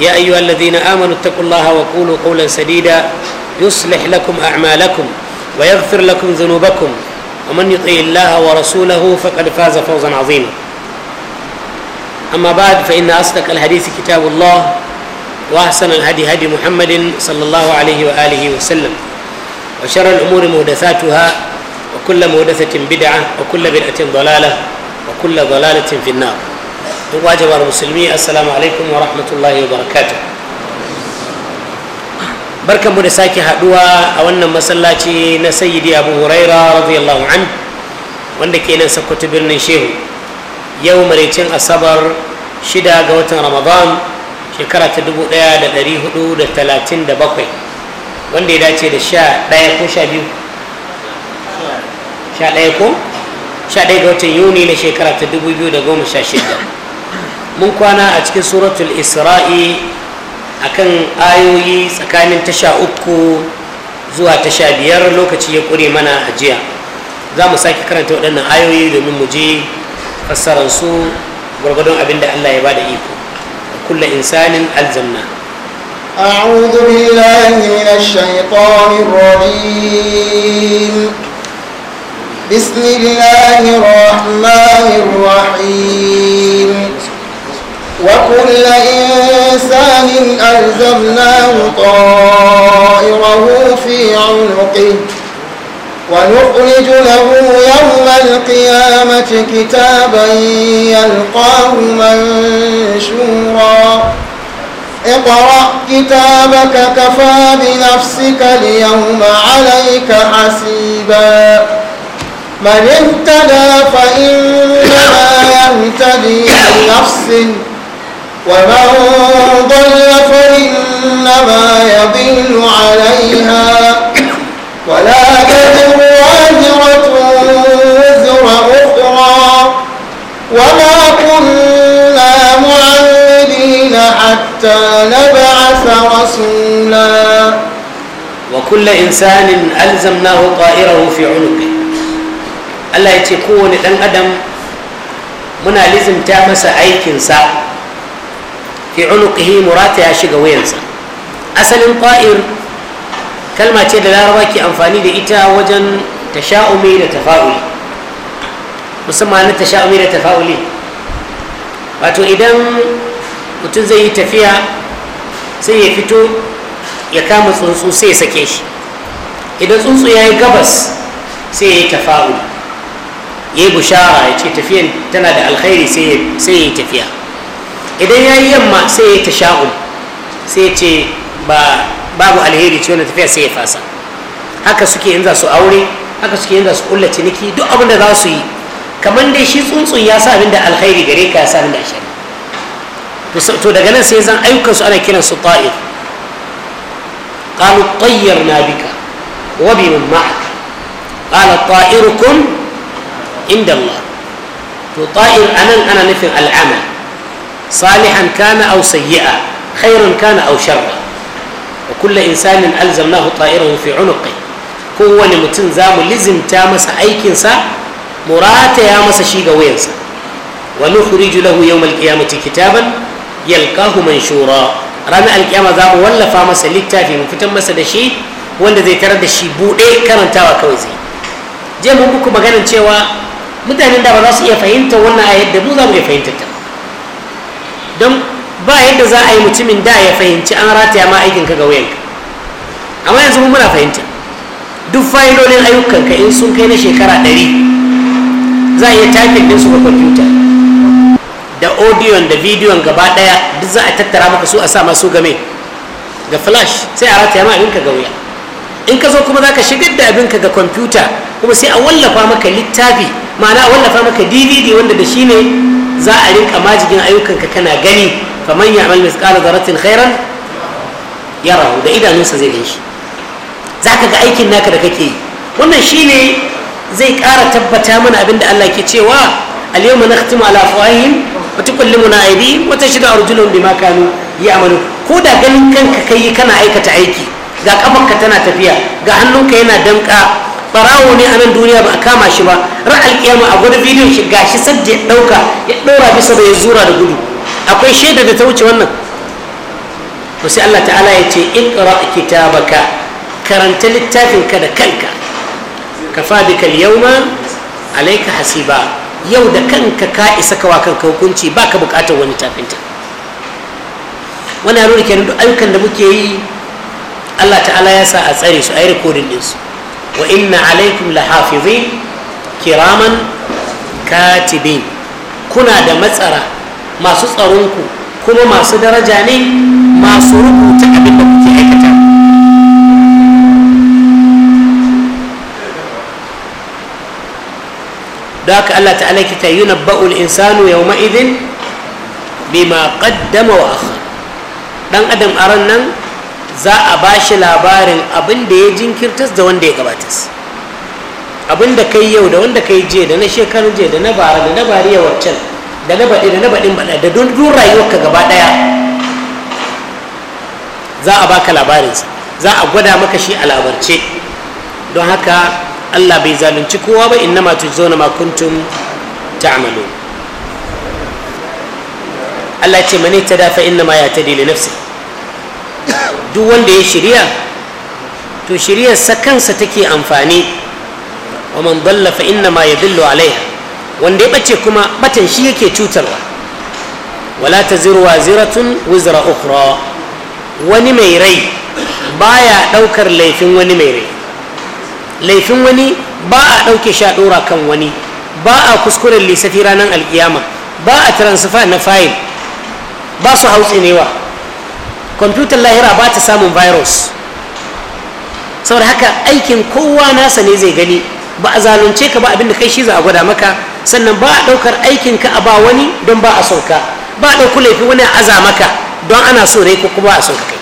يا ايها الذين امنوا اتقوا الله وقولوا قولا سديدا يصلح لكم اعمالكم ويغفر لكم ذنوبكم ومن يطيع الله ورسوله فقد فاز فوزا عظيما اما بعد فان اصدق الحديث كتاب الله واحسن الهدي هدي محمد صلى الله عليه واله وسلم وشر الامور مهدثاتها وكل مهدثة بدعه وكل بدعه ضلاله وكل ضلاله في النار duk wajabar musulmi assalamu alaikum wa rahmatullahi wa barakatu barkanmu da sake haduwa a wannan masallaci na sayyidi abu huraira radiyallahu an wanda ke nan sakkwato birnin shehu yau maraicin asabar shida ga watan ramadan shekara ta dubu daya da dari hudu da talatin da bakwai wanda ya dace da sha daya ko sha biyu sha daya ko sha daya ga watan yuni na shekara ta dubu biyu da goma sha shida mun kwana a cikin suratul isra'i akan ayoyi tsakanin tasha uku zuwa tasha biyar lokaci ya ƙure mana a jiya za mu sake karanta waɗannan ayoyi domin mu je fassararsu gwargwadon abin da allah ya bada iko kulla insanin alzamna أعوذ بالله من الشيطان الرجيم بسم الله الرحمن الرحيم وكل إنسان ألزمناه طائره في عنقه ونخرج له يوم القيامة كتابا يلقاه منشورا اقرأ كتابك كفى بنفسك اليوم عليك حسيبا من اهتدى فإنما يهتدي لنفسه ومن ضل فإنما يضل عليها ولا تذر وزرة وزر أخرى وما كنا معذبين حتى نبعث رسولا وكل إنسان ألزمناه طائره في عنقه الله يتكون ce أدم ɗan adam أي lizimta fi unuqihi murata ya shiga wayansa asalin ta'ir kalma ce da laraba ke amfani da ita wajen tasha'umi da tafa'uli musamman na tasha'umi da tafa'uli wato idan mutum zai yi tafiya sai ya fito ya kama tsuntsu sai ya sake shi idan tsuntsu ya yi gabas sai ya yi tafa'uli ya yi bushara ya ce tafiyan tana da alkhairi sai ya yi tafiya idan ya yi yamma sai ya ta sha'ul sai ya ce babu alheri ce tafiya sai ya fasa haka suke in za su aure haka suke in za su kulla ciniki duk abin da za su yi kamar dai shi tsuntsun ya sa abin da alkhairi gare ka ya sa abin da shari to daga nan sai zan ayyukan su ana kiran su ta'ir qalu tayyarna bika wa bi man ma'ak qala ta'irukum inda Allah to ta'ir anan ana nufin al'amal صالحا كان أو سيئا خيرا كان أو شرا وكل إنسان ألزمناه طائره في عنقه هو لمتن زام لزم تامس أيكنسا مرات يامس شيغا وينسا ونخرج له يوم القيامة كتابا يلقاه منشورا رانا القيامة زام ولا فامس للتافي مفتن مسد شيء wanda zai tarar da shi buɗe karantawa kawai zai je mun muku maganin cewa mutanen da ba za su iya fahimta wannan ayar da mu za mu iya fahimtar ta don ba yadda za a yi mutumin da ya fahimci an rataya ma aikin ka ga wuyanka amma yanzu mun muna fahimta duk fa'idodin ayyukanka in sun kai na shekara ɗari za a iya tafin din su ga kwamfuta da odiyon da bidiyon gaba ɗaya duk za a tattara maka su a sa masu game ga flash sai a rataya ma abinka ga wuya in ka zo kuma za ka shigar da abinka ga kwamfuta kuma sai a wallafa maka littafi ma'ana a wallafa maka dvd wanda da shi ne za a rika majigin ayyukanka kana gani faman ya'mal misqala zaratin khairan yarahu da idanunsa zai gan shi zaka ga aikin naka da kake yi wannan shine zai ƙara tabbata mana abinda Allah ke cewa al-yawma nakhtimu ala wata wa tukallimuna aydihim wa tashhadu arjuluhum bima kanu ya'malu ko da ganin kanka kai kana aikata aiki ga kafarka tana tafiya ga hannunka yana damƙa barawo ne a nan duniya ba a kama shi ba ra'al kiyama a gwada bidiyon shi ga shi sadda ya ɗauka ya ɗora bisa da ya zura da gudu akwai shaidar da ta wuce wannan to sai Allah ta'ala ya ce iqra kitabaka karanta littafin ka da kanka kafa bika kal yawma alayka hasiba yau da kanka ka isa kawa kanka hukunci baka bukatar wani tafinta wani yaro da nan duk ayyukan da muke yi Allah ta'ala ya sa a tsare su a yi rikodin su. وإن عليكم لحافظين كراما كاتبين كنا دا مسأرة ما سسأرونكم كما ما سدرجاني ما سرقوا تأبين بكتي أكتا داك الله تعالى كتا ينبأ الإنسان يومئذ بما قدم وأخر دان أدم أرنن za a ba shi labarin abin da ya jinkirtas da wanda ya gabatas abin da kai yau da wanda kai je da na shekaru je da na bara da na yawar can da na baɗi da na baɗin baɗa da don rayuwarka gaba ɗaya za a baka labarinsa za a gwada maka shi a labarce don haka allah bai zalunci kowa ba inna ma tujzona makuntun ta ta'malu allah ce mani ta dafa inna ma ya tadi li nafsi duk wanda ya shirya to shiryarsa kansa take amfani wa man dalla fa inna ma yadullu alaiha wanda ya bace kuma batan shi yake cutarwa wala taziru waziratun wizra ukhra wani mai rai baya daukar laifin wani mai rai laifin wani ba a dauke sha dora kan wani ba a kuskuren lissafi ranar alkiyama ba a transfer na fayil ba su hautsi kwamfutar lahira ba ta samun virus saboda haka aikin kowa nasa ne zai gani ba a zalunce ka ba abinda kai shi za a gwada maka sannan ba a ɗaukar aikin ka a ba wani don ba a son ka ba a ɗauku laifi wani a aza maka don ana so ne ko kuma a son ka kai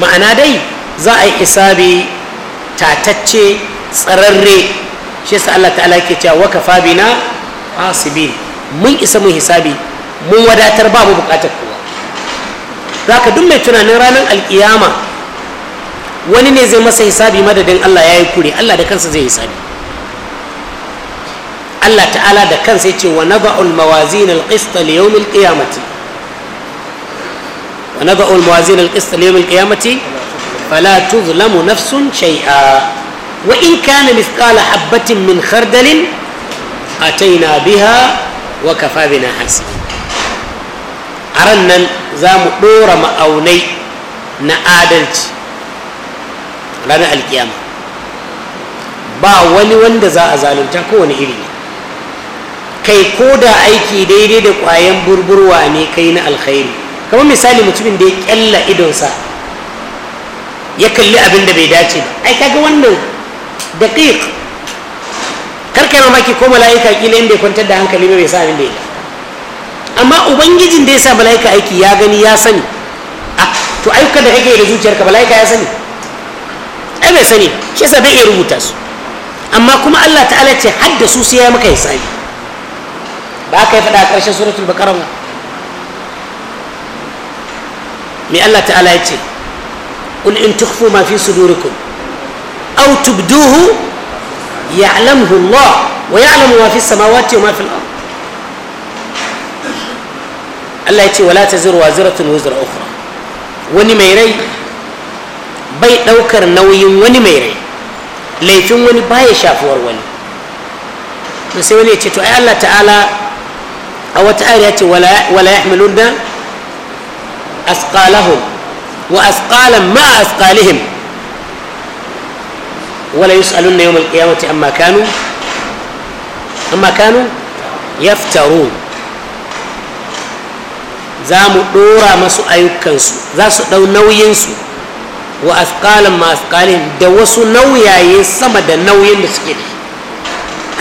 ma'ana dai za a yi isabi tatacce tsararre shi yasa Allah ta'ala ke cewa wa kafa bina hasibin mun isa mun hisabi mun wadatar ba mu bukatar ku zaka ka duk mai tunanin ranar alkiyama wani ne zai masa hisabi madadin allah yayi kure allah da kansa zai hisabi allah ta'ala da kansa yace wa naba'ul mawazin alqist li yawm alqiyamati wa naba'ul mawazin alqist li yawm alqiyamati fala tuzlamu nafsun shay'a wa in kana mithqala habatin min khardalin atayna biha wa kafa bina a ran nan za mu ɗora ma'aunai na adalci ranar alkiyama ba wani wanda za a zalunta kowane iri ne kai ko da aiki daidai da ƙwayan burburwa ne kai na alkhairi kamar misali mutumin da ya kyalla idonsa ya kalli abin da bai dace ba ai kaga wannan daƙiƙ karkai mamaki ko mala'ika kila inda ya kwantar da hankali bai sa abin da ya amma ubangijin da ya sa mala'ika aiki ya gani ya sani to ayyukan da kake da zuciyarka mala'ika ya sani ai bai sani shi yasa bai iya rubuta su amma kuma Allah ta'ala ce hadda su sai ya maka hisabi ba ka yi faɗa a ƙarshen suratul baqara ba me Allah ta'ala ya ce qul in tukhfu ma fi sudurikum aw tubduhu ya'lamuhu Allah wa ya'lamu ma fi samawati wa ma fil ardh الله يتي ولا تزر وازرة وزر أخرى وني ميري بيت دوكر نوي وني ميري ليتون وني باي شافور وني نسوي لي تتو الله تعالى أو تعالى يتي ولا ولا يحملون ده أثقالهم وأثقالا ما أثقالهم ولا يسألون يوم القيامة أما كانوا أما كانوا يفترون za mu ɗora masu ayyukansu za su ɗau nauyinsu wa asƙalan ma asƙalin da wasu nauyaye sama da nauyin da suke da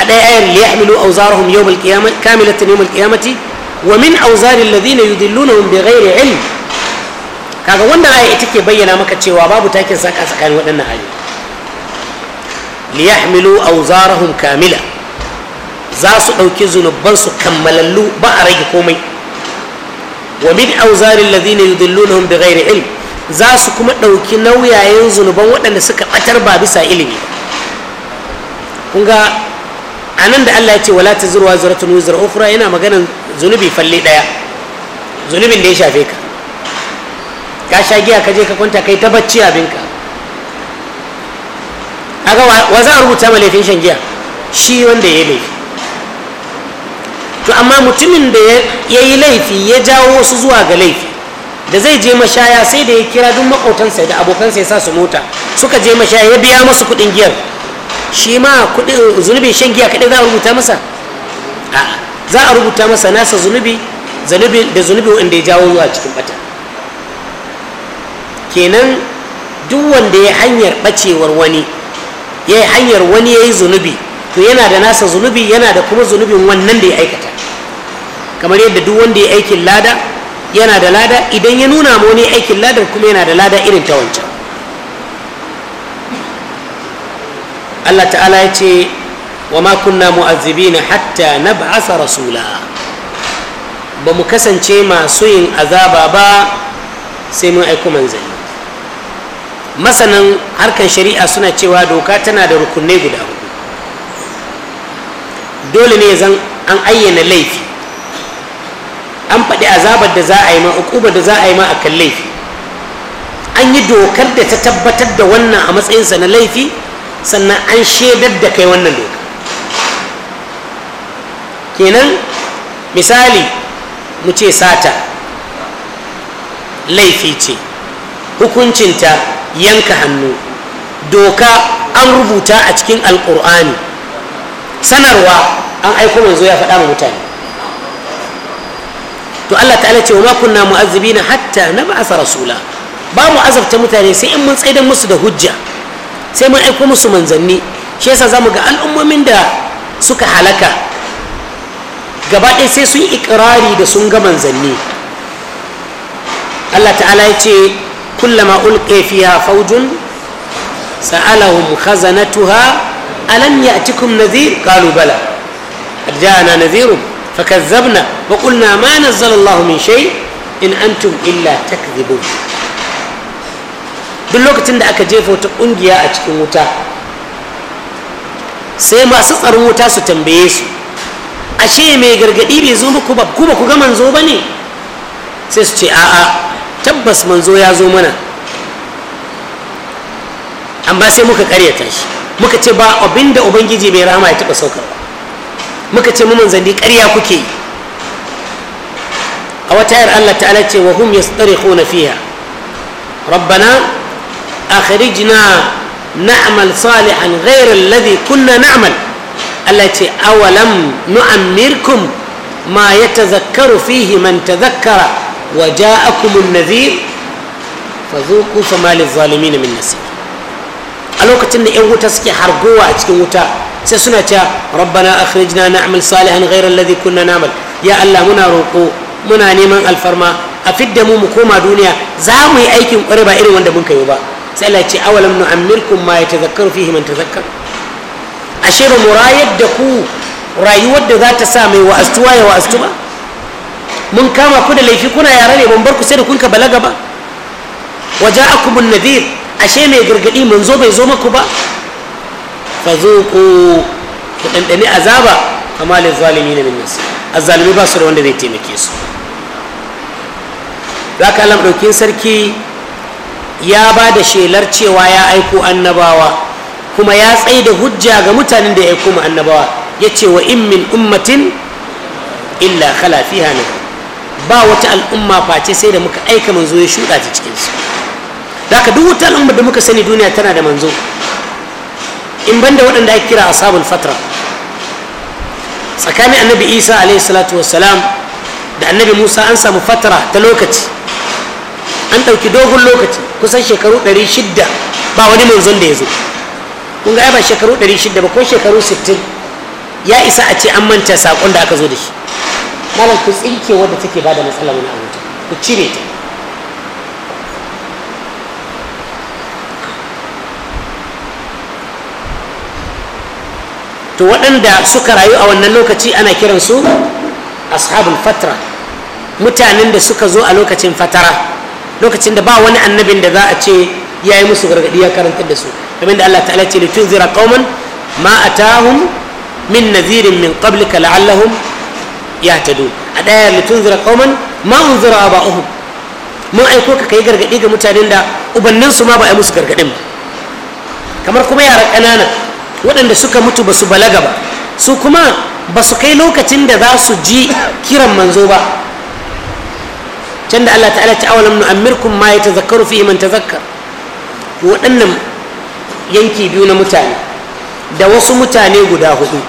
a ɗaya ayar li yahmilu awzarahum yawmal qiyamah kamilatan yawmal qiyamati wa min awzari alladhina yudillunahum bighairi ilm kaga wannan aya ita ke bayyana maka cewa babu takin saƙa-saƙa tsakanin waɗannan ayoyi li yahmilu awzarahum kamila za su ɗauki zunubansu kammalallu ba a rage komai wa min auzarin lazina yudillunahum bi ghairi ilm za su kuma ɗauki nauyayen zunuban waɗanda suka ɓatar ba bisa ilimi kun ga a nan da Allah ya ce wala taziru wa ziratun wizar ofura yana maganan zunubi falle ɗaya zunubin da ya shafe ka ka sha giya ka je ka kwanta kai ta bacci abinka kaga wa za a rubuta ma laifin shan giya shi wanda ya laifi to amma mutumin da ya yi laifi ya jawo wasu zuwa ga laifi da zai je mashaya sai da ya kira duk makotansa da abokansa ya sa su mota suka je mashaya ya biya masu kuɗin giyar shi ma zunubin shan giya kaɗai za a rubuta masa za a rubuta masa nasa zunubi da zunubi wanda ya jawo zuwa cikin bata kenan duk wanda ya hanyar bacewar wani ya hanyar wani ya yi zunubi to yana da nasa zunubi yana da kuma zunubin wannan da ya aikata kamar yadda duk wanda ya aikin lada yana da lada idan ya nuna ma wani aikin ladar kuma yana da lada irin ta wancan Allah ta'ala ya ce wa ma kunna mu'azzibina hatta nab'asa rasula ba mu kasance masu yin azaba ba sai mun aiko manzanni masanan harkar shari'a suna cewa doka tana da rukunai guda hudu dole ne zan an ayyana laifi an faɗi azabar da za a yi ma uƙubar da za a yi ma akan laifi an yi dokar da ta tabbatar da wannan a matsayinsa na laifi sannan an shaidar da kai wannan doka kenan misali mu ce sata laifi ce hukuncinta yanka hannu doka an rubuta a cikin alƙur'ani sanarwa an aiko manzo ya faɗa ma mutane to Allah ta'ala ce wa ma kunna mu'azzibina hatta nab'asa rasula ba mu azabta mutane sai in mun tsaidan musu da hujja sai mun aiko musu manzanni shi yasa zamu ga al'ummomin da suka halaka gaba ɗaya sai sun ikirari da sun ga manzanni Allah ta'ala ya ce kullama ulqiya fiha fawjun sa'alahum khazanatuha ألم يأتكم نذير قالوا بلى قد جاءنا نذير فكذبنا وقلنا ما نزل الله من شيء إن أنتم إلا تكذبون duk lokacin da aka jefa wata kungiya a cikin wuta sai masu tsaron wuta su tambaye su ashe mai gargadi bai zo muku ba kuma ku ga manzo ba ne sai su ce a'a tabbas manzo ya zo mana amma sai muka ƙaryata shi muka ce ba abinda ubangiji bai rama ya taba saukar ba muka ce mun zandi ƙarya kuke yi a wata ayar Allah ta'ala ce wa hum yastarikhuna fiha rabbana akhrijna na'mal salihan ghayra alladhi kunna na'mal Allah ce awalam nu'ammirkum ma yatazakkaru fihi man tadhakkara wa ja'akum an-nadhir fadhuqu fama liz min nasir a lokacin da 'yan wuta suke hargowa a cikin wuta sai suna cewa rabbana akhrijna na'mal salihan ghayra alladhi kunna na'mal ya Allah muna roƙo muna neman alfarma a fidda mu mu koma duniya za mu yi aikin ƙware ba irin wanda mun kai ba sai Allah ya ce awalam nu'ammirkum ma yatazakkaru fihi man tazakkar ashe ba mu rayar da ku rayuwar da za ta sa mai wa'astuwa ya wa'astu ba mun kama ku da laifi kuna yare ne ban bar ku sai da kun ka balaga ba waja'akumun nadhir ashe mai gargadi manzo bai zo maku ba fa zo ku ku azaba amma lil zalimi na minnas ba su da wanda zai taimake su zaka Allah ɗaukin sarki ya ba da shelar cewa ya aiko annabawa kuma ya tsaye da hujja ga mutanen da ya aiko mu annabawa ya ce wa in min ummatin illa khala fiha ba wata al'umma face sai da muka aika manzo ya shuɗa ta cikinsu daka duk wuta al'ummar da muka sani duniya tana da manzo in banda waɗanda ake kira ashabul fatra tsakanin annabi isa alaihi salatu wassalam da annabi musa an samu fatara ta lokaci an ɗauki dogon lokaci kusan shekaru 600 ba wani manzon da ya zo kun ga ba shekaru 600 ba ko shekaru 60 ya isa a ce an manta saƙon da aka zo da shi malam ku tsinke wadda take ba da matsala wani abu ku cire ta to waɗanda suka rayu a wannan lokaci ana kiransu ashabul fatra mutanen da suka zo a lokacin fatara lokacin da ba wani annabin da za a ce ya yi musu gargaɗi ya karantar da su kamar da Allah ta'ala ce da tun zira kauman ma a tahun min nazirin min qablika la'allahum ya ta do a ɗaya da tun zira kauman ma un zira ba uhum mun aiko ka kai gargaɗi ga mutanen da ubanninsu ma ba a yi musu gargaɗin ba kamar kuma yara ƙanana waɗanda suka mutu ba su balaga ba su kuma ba su kai lokacin da za su ji kiran manzo ba can da Allah ta'ala ta awalam amirkun ma ya tazakkaru fi man waɗannan yanki biyu na mutane da wasu mutane guda hudu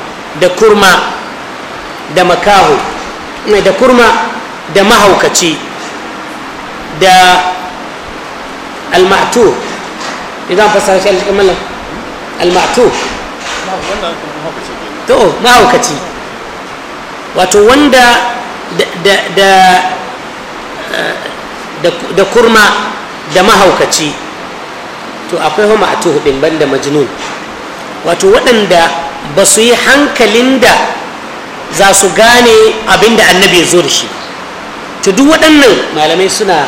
da kurma da makaho eh, da kurma da mahaukaci da almatu idan almatu to mahaukaci wato wanda eh, da kurma da mahaukaci to akwai homa a tuhubin banda majnun wato waɗanda ba su yi hankalin da za su gane abin da annabi ya zo da shi to duk waɗannan malamai suna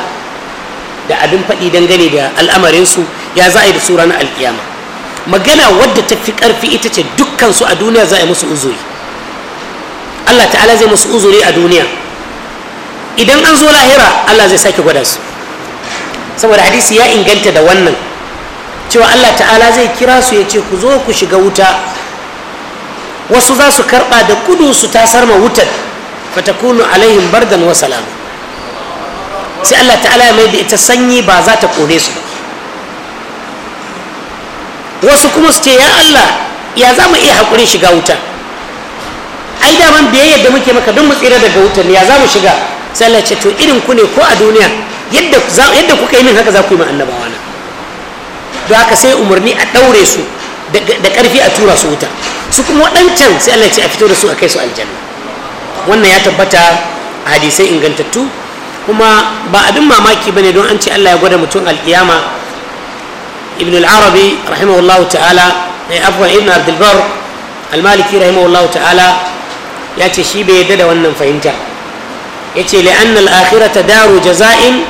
da abin faɗi dangane da al'amarinsu ya za a yi da su ranar alkiyama magana wadda ta fi ƙarfi ita ce dukkansu a duniya za a yi musu uzuri allah ta'ala zai musu uzuri a duniya idan an zo lahira allah zai sake gwada su saboda hadisi ya inganta da wannan cewa allah ta'ala zai kira su ya ce ku zo ku shiga wuta wasu za su karɓa da kudu su tasar ma wutar fatakunu alaihim bardan wa salama sai allah ta'ala ya mai da ita sanyi ba za ta kone su ba wasu kuma su ce ya Allah ya za mu iya haƙurin shiga wuta ai daman biyayyar da muke maka don mu tsira daga wutan ya za mu shiga sai Allah ce to irin ku ne ko a duniya yadda yadda kuka yi min haka za ku yi ma annabawa na don haka sai umarni a ɗaure su da ƙarfi a tura su wuta su kuma waɗancan sai Allah ce a fito da su a kai su aljanna wannan ya tabbata a hadisai ingantattu kuma ba abin mamaki bane don an ce Allah ya gwada mutum alkiyama ibn al-arabi rahimahullahu ta'ala ne eh, afwan ibn abdulbar al-maliki rahimahullahu ta'ala ya shi bai yadda da wannan fahimta yace ce li'anna al-akhirata daru jaza'in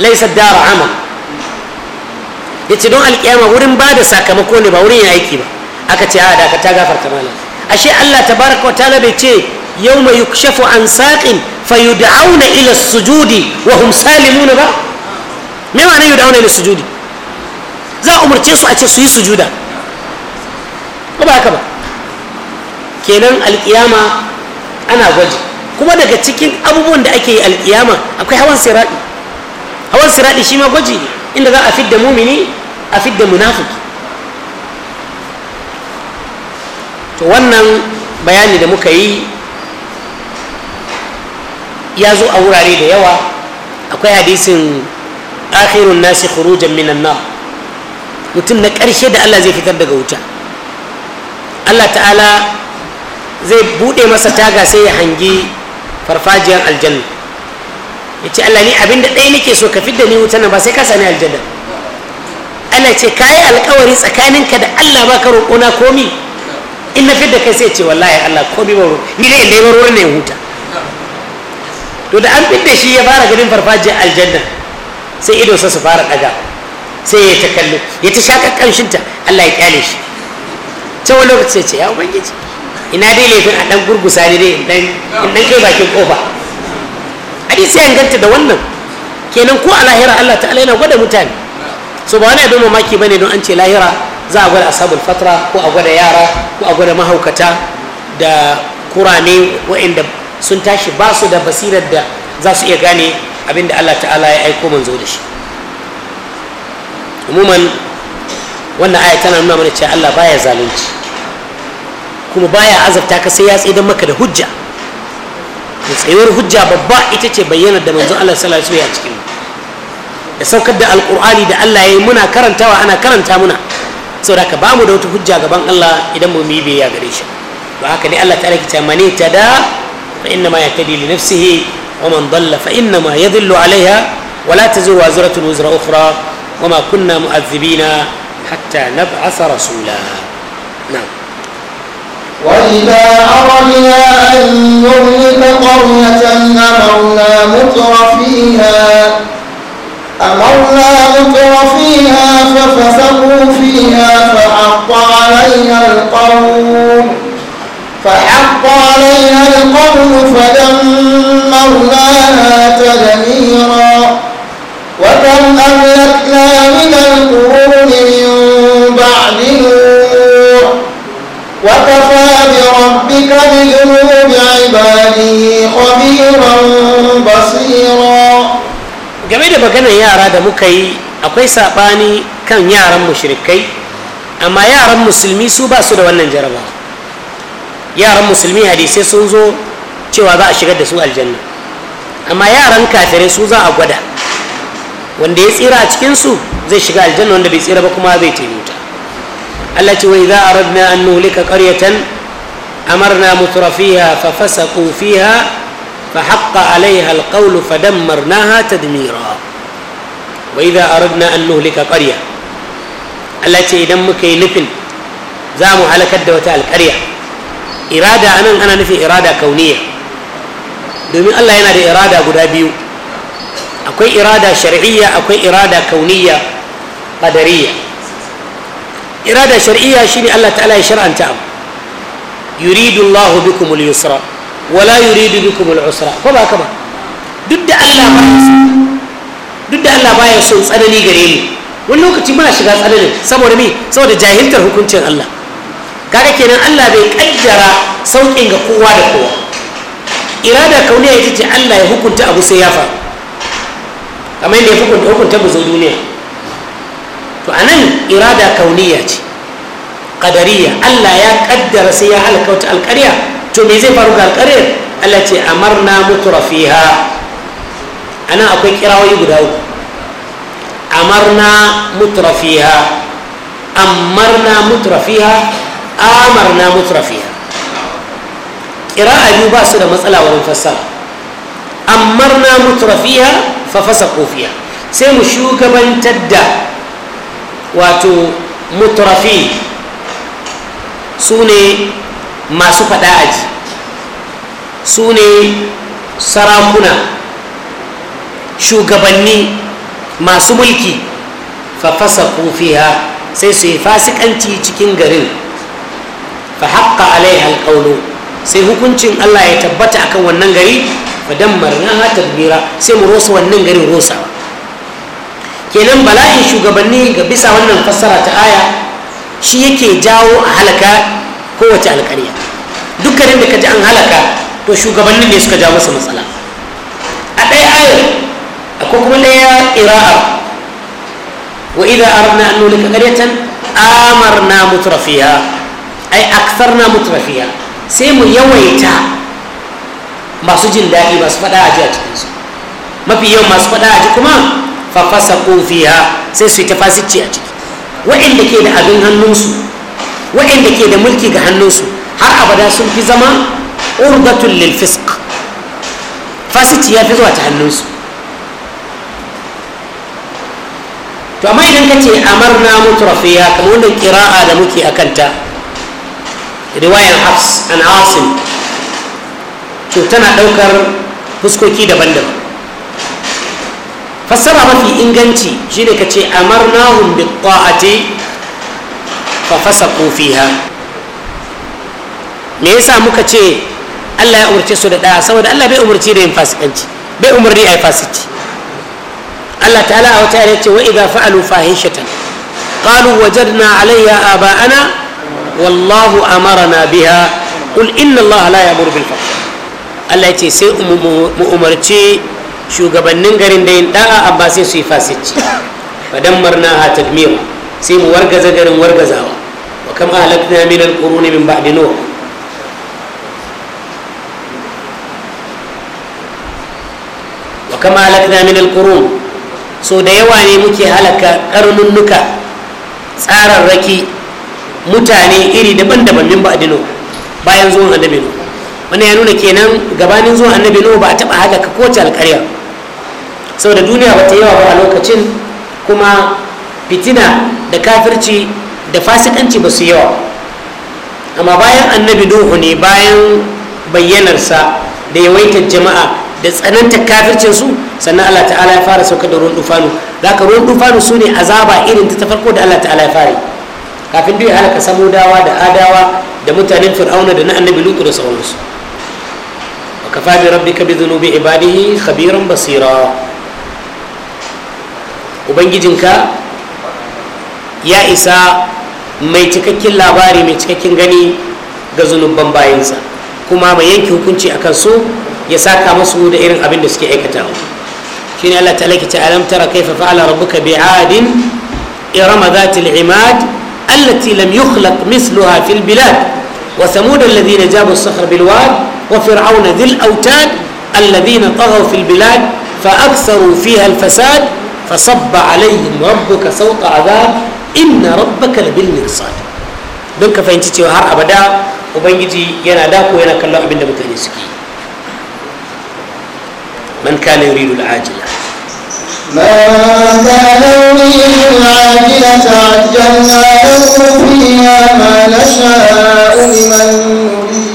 laysa daru amal ya ce don alƙiyama wurin ba da sakamako ne ba wurin yin aiki ba aka ce a ta gafarta ashe Allah bai ce يوم يكشف عن ساق فيدعون إلى السجود وهم سالمون بقى ما معنى يدعون إلى السجود za a umarce su a ce su yi sujuda ko ba haka ba kenan alkiyama ana gwaji kuma daga cikin abubuwan da ake yi alkiyama akwai hawan siraɗi hawan siraɗi shi ma gwaji ne inda za a fidda mumini a fidda munafiki to wannan bayani da muka yi ya zo a wurare da yawa akwai hadisin akhirun nasi khurujan minan nar mutum na ƙarshe da Allah zai fitar daga wuta Allah ta'ala zai buɗe masa taga sai ya hangi farfajiyar aljanna ya ce Allah ni abinda ɗaya nake so ka fidda ni wuta nan ba sai ka sani aljanna Allah ce ka yi alkawari tsakaninka da Allah ba ka roƙona komi in na fidda kai sai ce wallahi Allah komi ba roƙo ni dai inda ya ruwan ne huta to da an fidda shi ya fara ganin farfajiyar aljanna sai ido sa su fara ɗaga sai ya ta kallo ya ta shakar kanshinta Allah ya kyale shi ta wani lokaci ce ya ubangiji ina dai laifin a dan gurgusa ne dai in dan kai bakin kofa hadisi ya ganta da wannan kenan ko a lahira Allah ta'ala yana gwada mutane so ba wani abin mamaki bane don an ce lahira za a gwada asabul fatra ko a gwada yara ko a gwada mahaukata da kurame waɗanda sun tashi ba su da basirar da za su iya gane abin da Allah ta'ala ya aiko manzo da shi umuman wannan aya tana nuna mana cewa Allah baya zalunci kuma baya azabta ka sai ya tsaye maka da hujja da tsayuwar hujja babba ita ce bayyana da manzon Allah sallallahu alaihi wasallam a cikin da saukar da alqur'ani da Allah yayi muna karantawa ana karanta muna saboda ka bamu da wata hujja gaban Allah idan mu yi biyayya gare shi ba haka ne Allah ta'ala ta mani da fa inna ma yahtadi li nafsihi wa man dalla fa inna ma yadhillu alaiha wa la taziru wazratun wizra ukhra وما كنا مؤذبين حتى نبعث رسولا نعم وإذا أردنا أن نغلق قرية أمرنا متر فيها أمرنا متر فيها ففسقوا فيها فحق علينا القول فحق علينا القول فدمرناها تدميرا وكم أهلكنا من القرون من بعد نوح وكفى بربك بذنوب عباده خبيرا بصيرا game da maganar yara da muka yi akwai saɓani kan yaran mushrikai amma yaran musulmi su ba su da wannan jaraba yaran musulmi hadisai sun zo cewa za a shigar da su aljanna amma yaran kafirai su za a gwada wanda ya tsira a su zai shiga aljanna wanda bai tsira ba kuma zai taimuta Allah ce wa idza aradna an nuhlika qaryatan amarna mutrafiha fa fasaqu fiha fa haqqa alaiha alqawl fa fadammarnaha tadmira wa idza aradna an nuhlika qarya Allah ce idan muka yi nufin za mu halakar da wata alqarya irada anan ana nufin irada kauniya domin Allah yana da irada guda biyu akwai irada shar'iyya akwai irada kauniyya qadariyya irada shar'iyya shine Allah ta'ala ya shar'anta abu yuridu Allah bikum al-yusra wala yuridu bikum al-usra ko ba haka ba duk da Allah ba duk da Allah baya son tsanani gare ni wani lokaci muna shiga tsananin saboda me saboda jahiltar hukuncin Allah kaga kenan Allah bai kaddara saukin ga kowa da kowa irada kauniya ita ce Allah ya hukunta abu sai ya faru kamar yadda ya hukunta hukunta buzo duniya to a nan irada kauniya ce kadariya allah ya kaddara sai ya halaka wata alkarya to me zai faru da alkaryar allah ce amar na mutu rafiha a nan akwai kirawoyi guda uku mutu rafiha amar na mutu rafiha kira biyu ba su da matsala wurin fassara ammarna mutrafiya fa fasa fiha sai mu shugabantar da wato mutrafi su ne masu fada aji su ne sarakuna shugabanni masu mulki fa kofiya sai su yi fasikanci cikin garin fa haƙa alaiha alqawlu sai hukuncin Allah ya tabbata akan wannan gari fadammarnaha tadbira sai mu rosa wannan garin rosa kenan bala'in shugabanni ga bisa wannan fassara ta aya shi yake jawo a halaka kowace alƙarya dukkanin da ka ji an halaka to shugabannin ne suka ja masa matsala a ɗaya ayar akwai kuma ɗaya ira'ar wa idan arabna an ka ƙaryatan amarna mutrafiya ai aksarna mutrafiya sai mu yawaita masu jin daɗi masu faɗa a ji a cikinsu mafi yawan masu faɗa a ji kuma fafasa fiya sai su yi ta fasici a ciki waɗanda ke da abin hannunsu waɗanda ke da mulki ga hannunsu har abada sun fi zama urdatul lil fisq fasici ya fi zuwa ta hannunsu to amma idan ka ce amarna mutrafiya kamar wannan kira'a da muke akanta riwayar hafs an asim to tana ɗaukar fuskoki daban-daban fassara mafi inganci shine ka ce amarnahum bi ta'ati fa fasaqu fiha me yasa muka ce Allah ya umarce su da da'a saboda Allah bai umarci da yin fasikanci bai umarni ai fasici Allah ta'ala a wata ya ce wa idza fa'alu fahishatan qalu wajadna 'alayha aba'ana wallahu amarna biha qul inna Allah la ya'muru bil fahsha Allah ce sai mu umarci shugabannin garin da yin da'a amma sai su yi fasici fadan marna ha tadmira sai mu wargaza garin wargazawa wa kam ahlakna min alquruni min ba'di nuh wa kam ahlakna min alqurun so da yawa ne muke halaka karnunnuka tsararraki mutane iri daban-daban min ba'di nuh bayan zuwan annabi nuh wani ya nuna kenan gabanin zuwa annabi nuhu ba a taɓa halaka kowace alkarya saboda duniya ba ta yawa ba a lokacin kuma fitina da kafirci da fasikanci ba su yawa amma bayan annabi nuhu ne bayan bayyanarsa da yawaitar jama'a da tsananta kafircin su sannan Allah ta'ala ya fara sauka da ruwan dufanu zaka ruwan dufanu su ne azaba irin ta farko da Allah ta'ala ya fara kafin duk ya halaka samudawa da adawa da mutanen fir'auna da na annabi lutu da sauransu kafa bi ka bi dhunubi ibadihi khabiran basira ubangijinka ya isa mai cikakken labari mai cikakken gani ga zunubban bayansa kuma mai yanke hukunci akan su ya saka masu da irin abin da suke shi ne Allah ta ki ta alam tara kaifa fa'ala rabbuka bi'adin irama dhatil allati lam yukhlaq misluha fil bilad وثمود الذين وفرعون ذي الأوتاد الذين طغوا في البلاد فأكثروا فيها الفساد فصب عليهم ربك سوط عذاب إن ربك لبالمرصاد دونك فإن تتيو هار أبدا وبين جي ينا داكو ينا كلاو ابن من كان يريد العاجلة ما كان يريد العاجلة عجلنا له فيها ما نشاء لمن نريد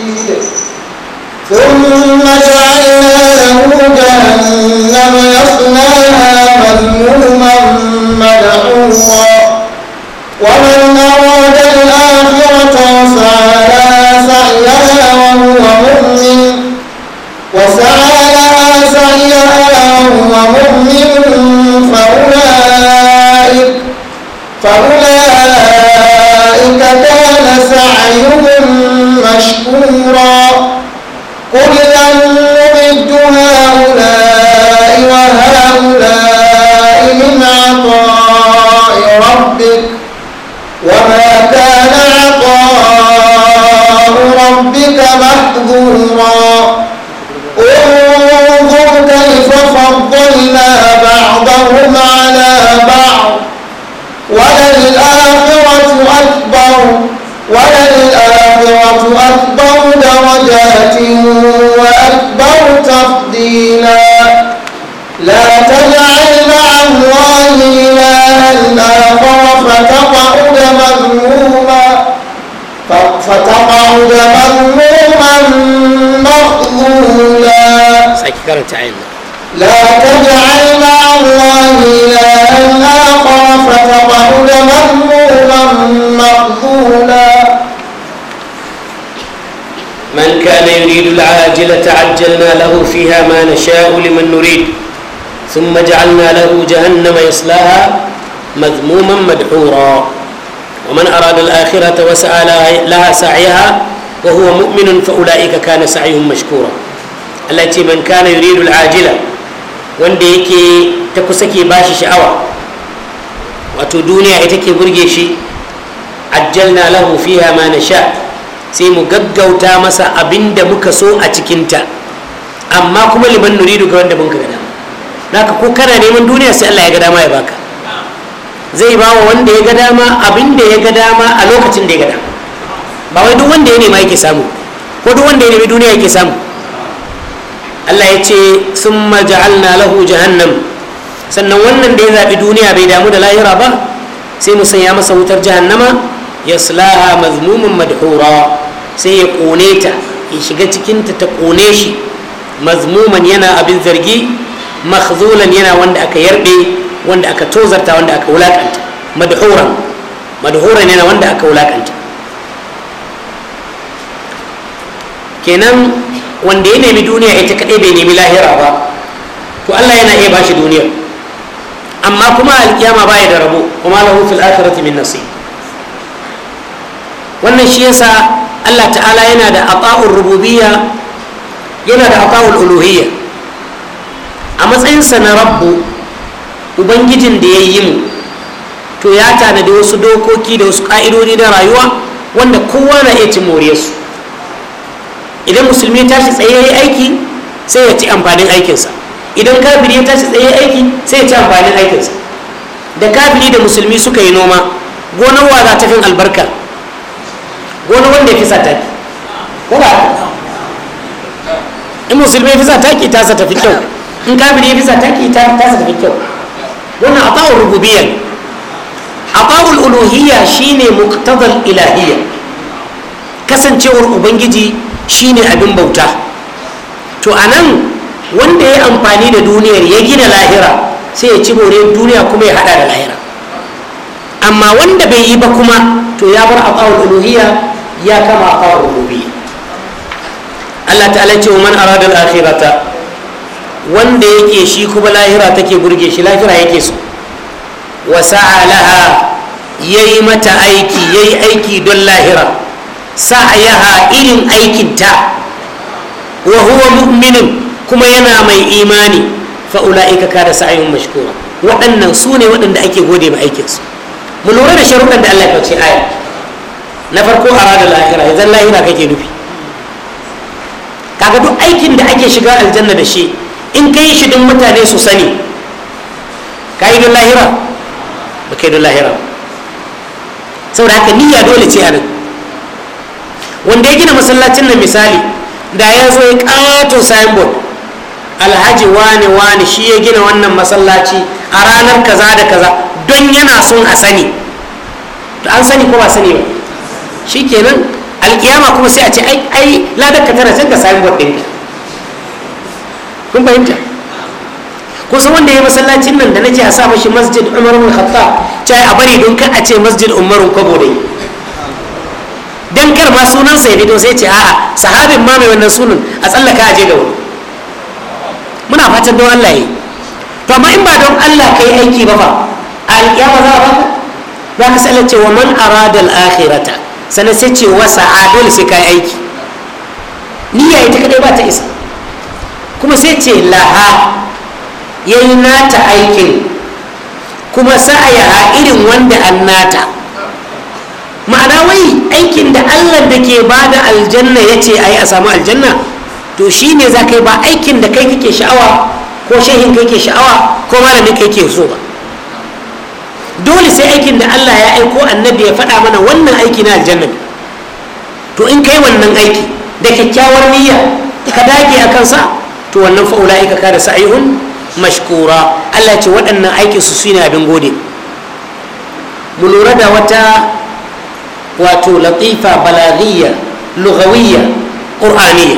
ثم جعلنا له جهنم يصلاها مذموما مدحورا ومن أراد الآخرة وسعى سعيها وهو مؤمن وسعى لها سعيها وهو مؤمن فأولئك فأولئك كان سعيهم نشاء لمن نريد ثم جعلنا له جهنم يصلاها مذموما مدحورا ومن أراد الآخرة وسعى لها سعيها وهو مؤمن فأولئك كان سعيهم مشكورا التي من كان يريد العاجلة wanda yake ta kusa ke ba shi sha'awa wato duniya ita ke burge shi ajjalna lahu fiha ma nasha sai mu gaggauta masa abin da muka so a cikinta amma kuma liman nuri ga wanda mun ga dama naka ko kana neman duniya sai Allah ya ga dama ya baka zai ba wa wanda ya ga dama abin da ya ga dama a lokacin da ya ga dama ba wai duk wanda ya nema yake samu ko duk wanda ya nemi duniya yake samu Allah ya ce summa ja'alna lahu jahannam sannan wannan da ya zaɓi duniya bai damu da lahira ba sai mu sanya masa wutar jahannama ya slaha mazmumin madhura sai ya ƙone ta ya shiga cikinta ta kone shi mazmuman yana abin zargi makhzulan yana wanda aka yarbe wanda aka tozarta wanda aka wulakanta madhuran madhuran yana wanda aka wulakanta kenan wanda ya nemi duniya ita kadai bai nemi lahira ba to Allah yana iya bashi duniyar amma kuma alkiyama baya da rabo kuma lahu fil akhirati min nasib wannan shi yasa Allah ta'ala yana da ata'ur rububiyya yana da atawul uluhiyya a matsayinsa na rabbu ubangijin da ya yi mu to ya tanadi wasu dokoki da wasu ƙa'idodi na rayuwa wanda kowa na iya cin su idan musulmi ya tashi tsaye ya aiki sai ya ci amfanin aikinsa idan kafiri ya tashi tsaye aiki sai ya ci amfanin aikinsa da kafiri da musulmi suka yi noma gonar wa za ta fin albarka gonar wanda ya fi sa ta ko ba in musulmi fi sa taki tasa tafi kyau in kafiri fi sa taki tasa tafi kyau wannan ata'ul rububiyya ata'ul uluhiyya shine muqtadal ilahiyya kasancewar ubangiji shine abin bauta to anan wanda ya amfani da duniyar ya gina lahira sai ya ci more duniya kuma ya hada da lahira amma wanda bai yi ba kuma to ya bar ata'ul uluhiyya ya kama ata'ul rububiyya Allah ta'ala ce man arada akhirata wanda yake shi kuma lahira take burge shi lahira yake so wa sa'a laha yayi mata aiki yayi aiki don lahira yaha irin aikin ta wa huwa mu'minin kuma yana mai imani fa ulaika kana sa'yun mashkura waɗannan su ne waɗanda ake gode ma aikinsu mu lura da sharuɗan da Allah ya ce aya na farko arada lahira idan lahira kake nufi kaga duk aikin da ake shiga aljanna da shi in ka shi din mutane su sani ka yi lahira ba ka yi don lahira saboda haka niyya dole ce a wanda ya gina masallacin nan misali da ya zo ya kato signboard alhaji wani wani shi ya gina wannan masallaci a ranar kaza da kaza don yana son a sani to an sani ko ba sani ba shi kenan alkiyama kuma sai a ce ai ai ladar ka tana can ka sami wadin ka kun fahimta ko wanda ya masallacin nan da na ce a sa mashi masjid umar bin khattab ta a bari don kar a ce masjid umarun kwabo dai dan kar ma sunan sai ne sai ce a'a sahabin ma mai wannan sunan a tsallaka a je ga wani muna fatan don Allah yi to amma in ba don Allah ka yi aiki ba fa a alƙiyama za a baka za ka sallace wa man arada al-akhirata sannan sai ce wasa a dole sai kayan aiki niyya ita kadai ba ta isa kuma sai ce laha ya yi nata aikin kuma a irin wanda an nata ma'ana wai aikin da allah da ke ba da aljanna ya ce a yi a samu aljanna to shi ne za ka yi ba aikin da kai kake sha'awa ko shehin kai ke sha'awa ko malamin kai ke so ba dole sai aikin da Allah ya aiko annabi ya faɗa mana wannan aiki na aljanna to in kai wannan aiki da kyakkyawar niyya ka dage a kansa to wannan fa'ula'ika ka da sa'ihun mashkura Allah ce waɗannan aikin su sune abin gode mu lura da wata wato latifa balagiyya lughawiyya qur'aniyya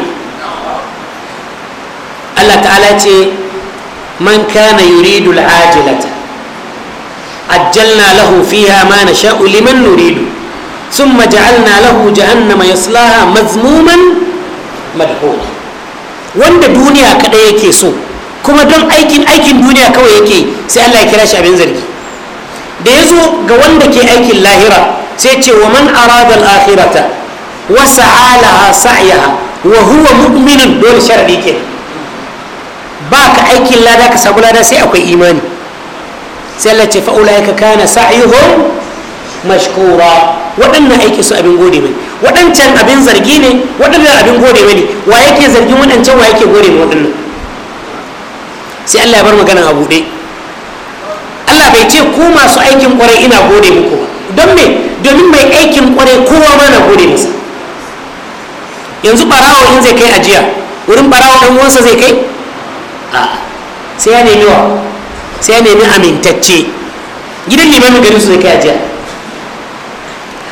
Allah ta'ala ce man kana yuridu al'ajilata ajjalna lahu fiha ma nasha'u liman nuridu thumma ja'alna lahu jahannama yaslaha mazmuman madhura wanda duniya kadai yake so kuma don aikin aikin duniya kawai yake sai Allah ya kira shi abin zargi da ya zo ga wanda ke aikin lahira sai ce wa man arada al-akhirata wa sa'alaha sa'yaha wa huwa mu'minun dole sharadi ke ba ka aikin lada ka samu lada sai akwai imani sai Allah ce fa'ulaika kana sa'yuhum mashkura waɗannan aiki su abin gode mai waɗancan abin zargi ne waɗannan abin gode mai ne wa yake zargin waɗancan wa yake gode mai waɗannan sai Allah ya bar magana a buɗe Allah bai ce ku masu aikin ƙwarai ina gode muku ba don me domin mai aikin ƙwarai kowa ma na gode masa yanzu ɓarawo in zai kai ajiya wurin ɓarawo ɗan uwansa zai kai a'a sai ya nemi wa sai ya nemi amintacce gidan limamin garin su zai kai ajiya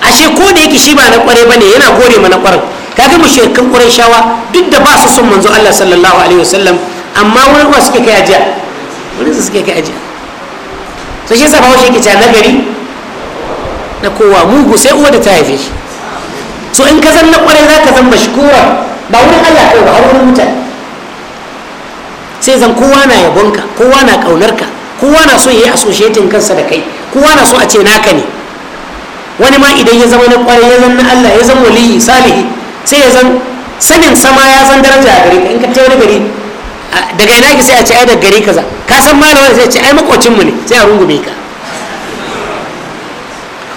ashe ko da yake shi ba na kware bane yana gore mana kwarar kaga mushrikan qurayshawa duk da ba su son manzo Allah sallallahu alaihi wasallam amma wani ruwa suke kai ajiya wurin su suke kai ajiya so shi yasa ba washe yake ta nagari na kowa mugu sai uwa da ta haife shi so in ka zan na kware za ka zan mashkura ba wani Allah kai ba har wurin mutane sai zan kowa na yabonka kowa na kaunarka kowa na so ya yi asoshetin kansa da kai kowa na so a ce naka ne wani ma idan ya zama na kwarai ya zama na Allah ya zama waliyi salihi sai ya zan sanin sama ya san daraja a gari ka in ka ta gari daga ina ki sai a ce ai daga gari kaza ka san malama sai a ce ai makocin mu ne sai a rungume ka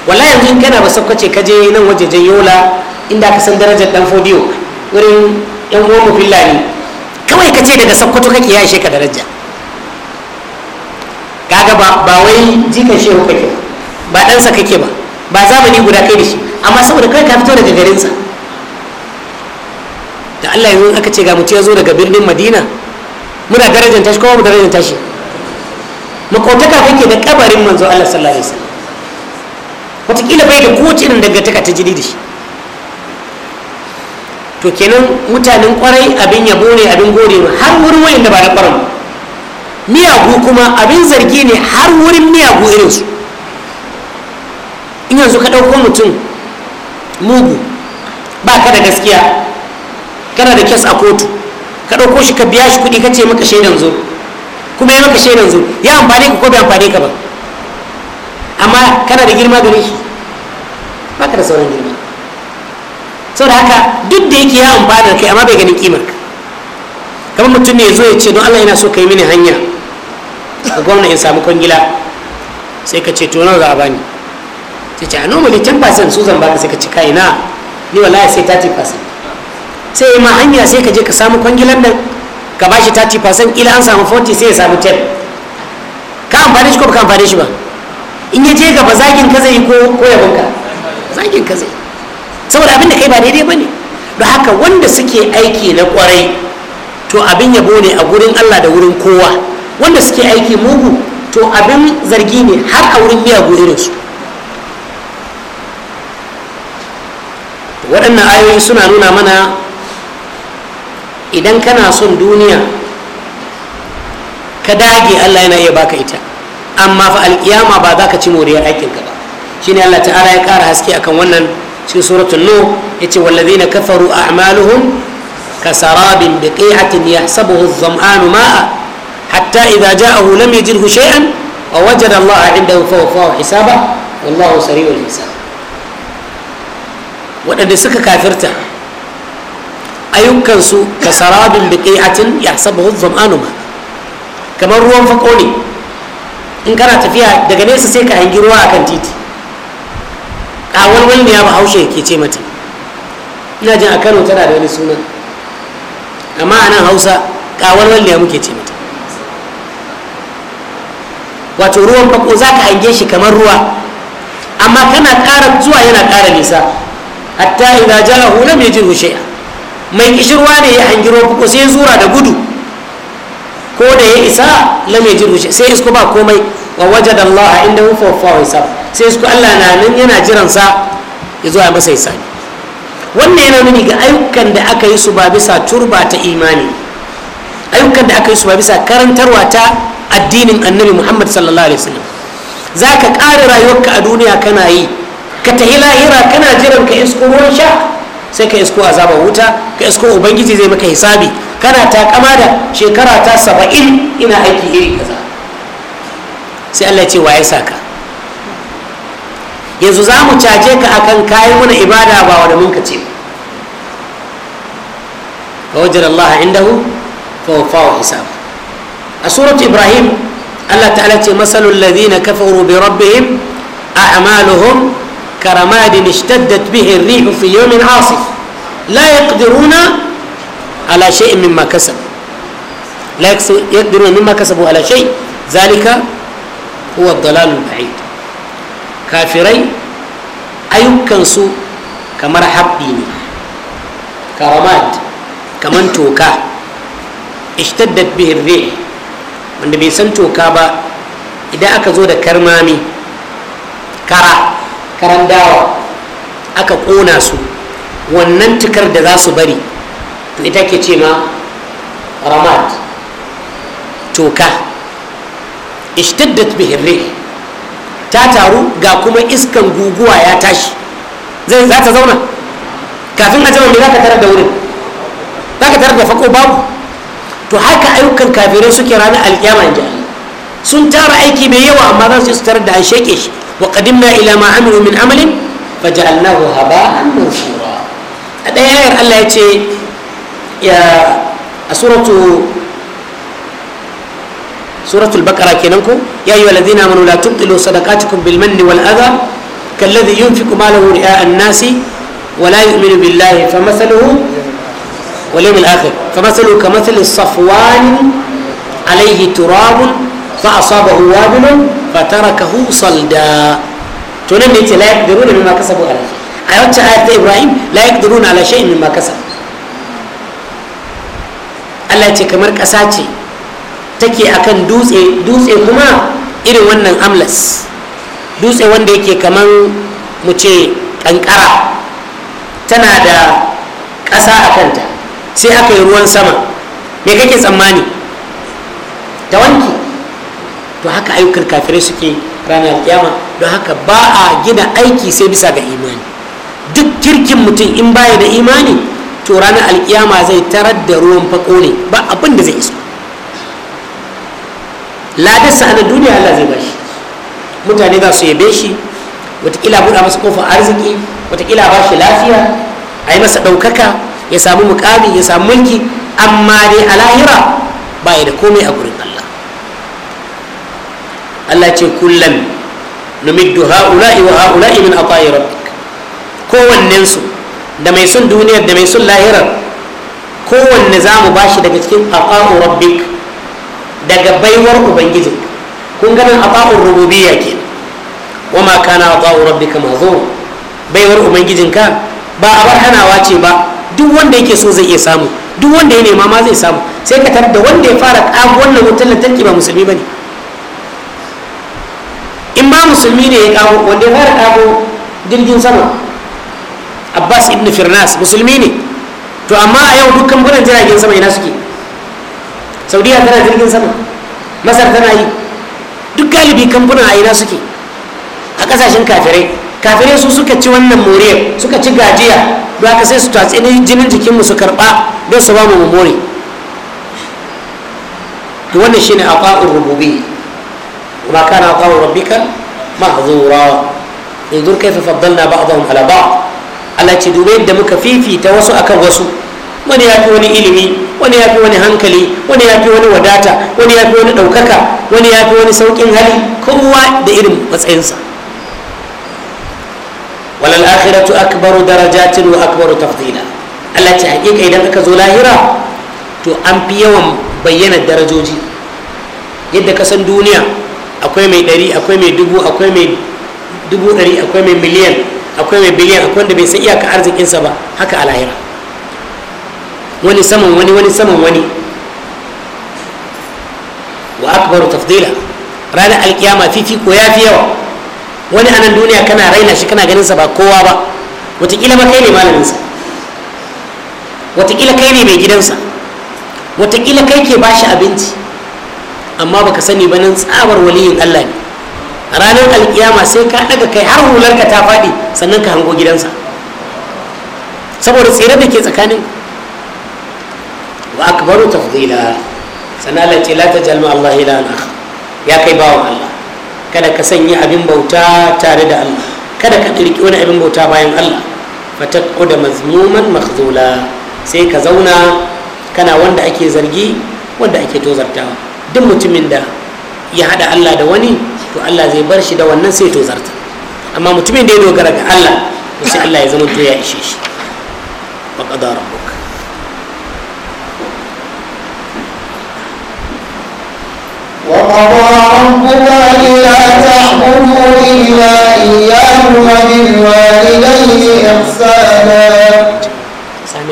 wallahi yanzu in kana ba sakwace ka je nan wajejen yola inda ka san darajar dan fodiyo wurin yan goma fillani kawai ka ce daga sakkwato kake ya shi ka daraja kaga ba ba wai jikan shehu kake ba ba ɗansa kake ba ba zamani guda kai da shi amma saboda kai ka fito daga garinsa da Allah yanzu aka ce ga mutum ya zo daga birnin Madina muna darajar tashi kuma mu darajar tashi makotaka kake da kabarin manzo Allah sallallahu alaihi wasallam wataƙila bai da kowace irin dangantaka ta jini da shi to kenan mutanen kwarai abin yabo ne abin gore har wurin wayan da ba na kwarai miyagu kuma abin zargi ne har wurin miyagu irinsu in yanzu ka ɗauko mutum mugu ba ka da gaskiya kana da kes a kotu ka ɗauko shi ka biya shi kuɗi ka ce maka shaidan zo kuma ya maka shaidan zo ya amfane ka ko bai amfane ka ba amma kana da girma gare shi ba ka da sauran girma sau da haka duk da yake ya amfana da kai amma bai ganin kimar kamar mutum ne ya zo ya ce don allah yana so ka yi mini hanya ga gwamna in samu kwangila sai ka ce to nawa za a bani sai ce a can fasin su zan baka sai ka ci kai na ni ya sai fasin sai ma hanya sai ka je ka samu kwangilan nan ka bashi fasin ila an samu 40 sai ya samu 10 ka amfani shi ko ka amfani shi ba in ya je gaba zagin ka zai ko ko yabon zagin ka zai saboda abin da kai ba daidai ne don haka wanda suke aiki na kwarai to abin yabo ne a gurin Allah da wurin kowa wanda suke aiki mugu to abin zargi ne har a wurin miyagu irinsu waɗannan ayoyi suna nuna mana idan kana son duniya ka dage allah yana iya baka ita amma fa alƙiyama ba za ka ci moriyar aikinka ba shine allah ta'ala ya ƙara haske akan wannan cikin suratul nu yace wallazina kafaru a'maluhum kasarabin biqi'atin yahsabuhu adh-dham'anu ma'a حتى إذا جاءه لم يجده شيئا ووجد الله عنده فوفاه حسابه والله سريع الحساب waɗanda suka kafirta ayyukansu ka sarabin biƙi'atin ya saba huzzon anuma kamar ruwan fako ne in kana tafiya daga nesa sai ka hangi ruwa akan titi a walwal ne ya bahaushe ke ce mata ina jin a kano tana da wani sunan amma a nan hausa ne ce wato ruwan bako za ka hange shi kamar ruwa amma kana kara zuwa yana kara nisa hatta idan ja a hula mai jin hushe mai kishirwa ne ya hangi ruwan bako sai zura da gudu ko da ya isa la mai jin hushe sai isko ba komai wa wajada Allah inda wa fawai sa sai isko Allah na nan yana jiran sa ya zo a masa hisabi wannan yana nuni ga ayyukan da aka yi su ba bisa turba ta imani ayyukan da aka yi su ba bisa karantarwa ta addinin annabi muhammad sallallahu alaihi wasallam za ka ƙara rayuwarka a duniya kana yi ka tahi lahira kana jiran ka isko ruwan sha sai ka isko azabar wuta ka isko ubangiji zai maka hisabi kana takama da shekara ta saba'in ina aiki iri kaza sai allah ce waye sa ka yanzu za mu caje ka akan kayan mana ibada ba wani mun ka ce ba wajen allah indahu فوفاه حسابه سورة إبراهيم الله تعالى مثل الذين كفروا بربهم أعمالهم كرماد اشتدت به الريح في يوم عاصف لا يقدرون على شيء مما كسبوا لا يقدرون مما كسبوا على شيء ذلك هو الضلال البعيد كافرين ayyukansu كنسو كمرحب ديني كرماد كمن توكاه ishtaddat bihi rih wanda bai san toka ba idan aka zo da karmami kara karan dawa aka kona su wannan tukar da za su bari to ita ke ce ma ramad toka ishtaddat bihi rih ta taru ga kuma iskan guguwa ya tashi zai za ta zauna kafin a jama me za ka tarar da wurin za ka tarar da fako babu to haka ayyukan kafirai suke ranar alkiyama ji sun tara aiki mai yawa amma za su su tarar da an sheke shi wa qadimna ila ma amilu min amalin fa ja'alnahu haba'an mansura a ɗaya ayar Allah ya ce ya a suratu suratul baqara kenan ko ya ayyuhal ladina amanu la tubtilu sadaqatukum bil manni wal adha kalladhi yunfiqu malahu ri'a an-nasi wa la yu'minu billahi famathaluhu واليوم الآخر فمثله كمثل الصفوان عليه تراب فأصابه وابل فتركه صلدا تنمي لا يقدرون مما كسبوا على شيء أيوة آية إبراهيم لا يقدرون على شيء مما كسب Allah ce kamar ƙasa ce take akan dutse dutse kuma irin wannan amlas dutse wanda yake kamar mu ce ƙanƙara tana da ƙasa a kanta sai aka yi ruwan sama me kake tsammani ta wanki to haka ayyukan kafirai suke ranar alkiyama don haka ba a gina aiki sai bisa ga imani duk kirkin mutum in baya da imani to ranar alkiyama zai tarar da ruwan fako ne ba abin da zai iso ladarsa a duniya Allah zai bashi mutane za su yabe shi watakila buɗa masa kofar arziki watakila ba shi lafiya a yi masa ɗaukaka ya samu mukami ya samu mulki amma dai a lahira ba ya da komai a gurin Allah Allah ce kullum numiddu ha'ula'i wa ha'ula'i min ata'i rabbik kowannen su da mai sun duniyar da mai sun lahira kowanne za mu bashi daga cikin ata'u rabbik daga baiwar ubangijin kun nan ata'u rububiyya ke wa ma kana ata'u rabbika mahzur baiwar ubangijinka ba abar hanawa ce ba duk wanda yake so zai iya samu duk wanda ya nema ma zai samu sai ka tarar da wanda ya fara ƙago wannan wutar lantarki ba musulmi ba ne in ba musulmi ne ya ƙago wanda ya fara ƙago jirgin sama abbas ibn firnas musulmi ne to amma a yau dukkan bulan jiragen sama ina suke saudiya tana jirgin sama masar tana yi duk galibi kambunan a ina suke a kasashen kafirai kafirai su suka ci wannan more suka ci gajiya don haka sai su tatsi jinin jikinmu su karɓa don su ba mu more to wannan shine aqa'ur rububi ma kana aqa'ur rabbika mahzura kai kaifa faddalna ba'dahum ala ba'd Allah ce dubai da muka fifita wasu akan wasu wani ya fi wani ilimi wani ya fi wani hankali wani ya fi wani wadata wani ya fi wani ɗaukaka wani ya fi wani sauƙin hali kowa da irin matsayinsa walal akhiratu akbaru darajatin wa akbaru tafdila Allah ta hakika idan aka zo lahira to an fi yawan bayyana darajoji yadda ka san duniya akwai mai ɗari akwai mai dubu akwai mai dubu ɗari akwai mai miliyan akwai mai biliyan akwai wanda bai san iyaka arzikinsa ba haka a lahira wani saman wani wani saman wani wa akbaru tafdila ranar alkiyama ko ya fi yawa wani anan duniya kana raina shi kana ganin sa ba kowa ba wataƙila ma kai ne malaminsa wataƙila kai ne mai gidansa wataƙila kai ke ba shi abinci amma baka sani ba nan tsabar waliyin allah ne ranar alkiyama sai ka daga kai har hularka ta faɗi sannan ka hango gidansa saboda tsere da ke tsakanin wa akbaru tafdila sannan allah ce la ta jalma allah ila ya kai bawan allah kada ka sanya abin bauta tare da Allah kada ka ɗirki wani abin bauta bayan Allah fataqu da mazmuman makhzula sai ka zauna kana wanda ake zargi wanda ake tozartawa duk mutumin da ya haɗa Allah da wani to Allah zai bar shi da wannan sai tozarta amma mutumin da ya dogara ga Allah to sai Allah ya zama to ya ishe shi wa وقضى ربك ألا تعبدوا إلا إياه وبالوالدين إحسانا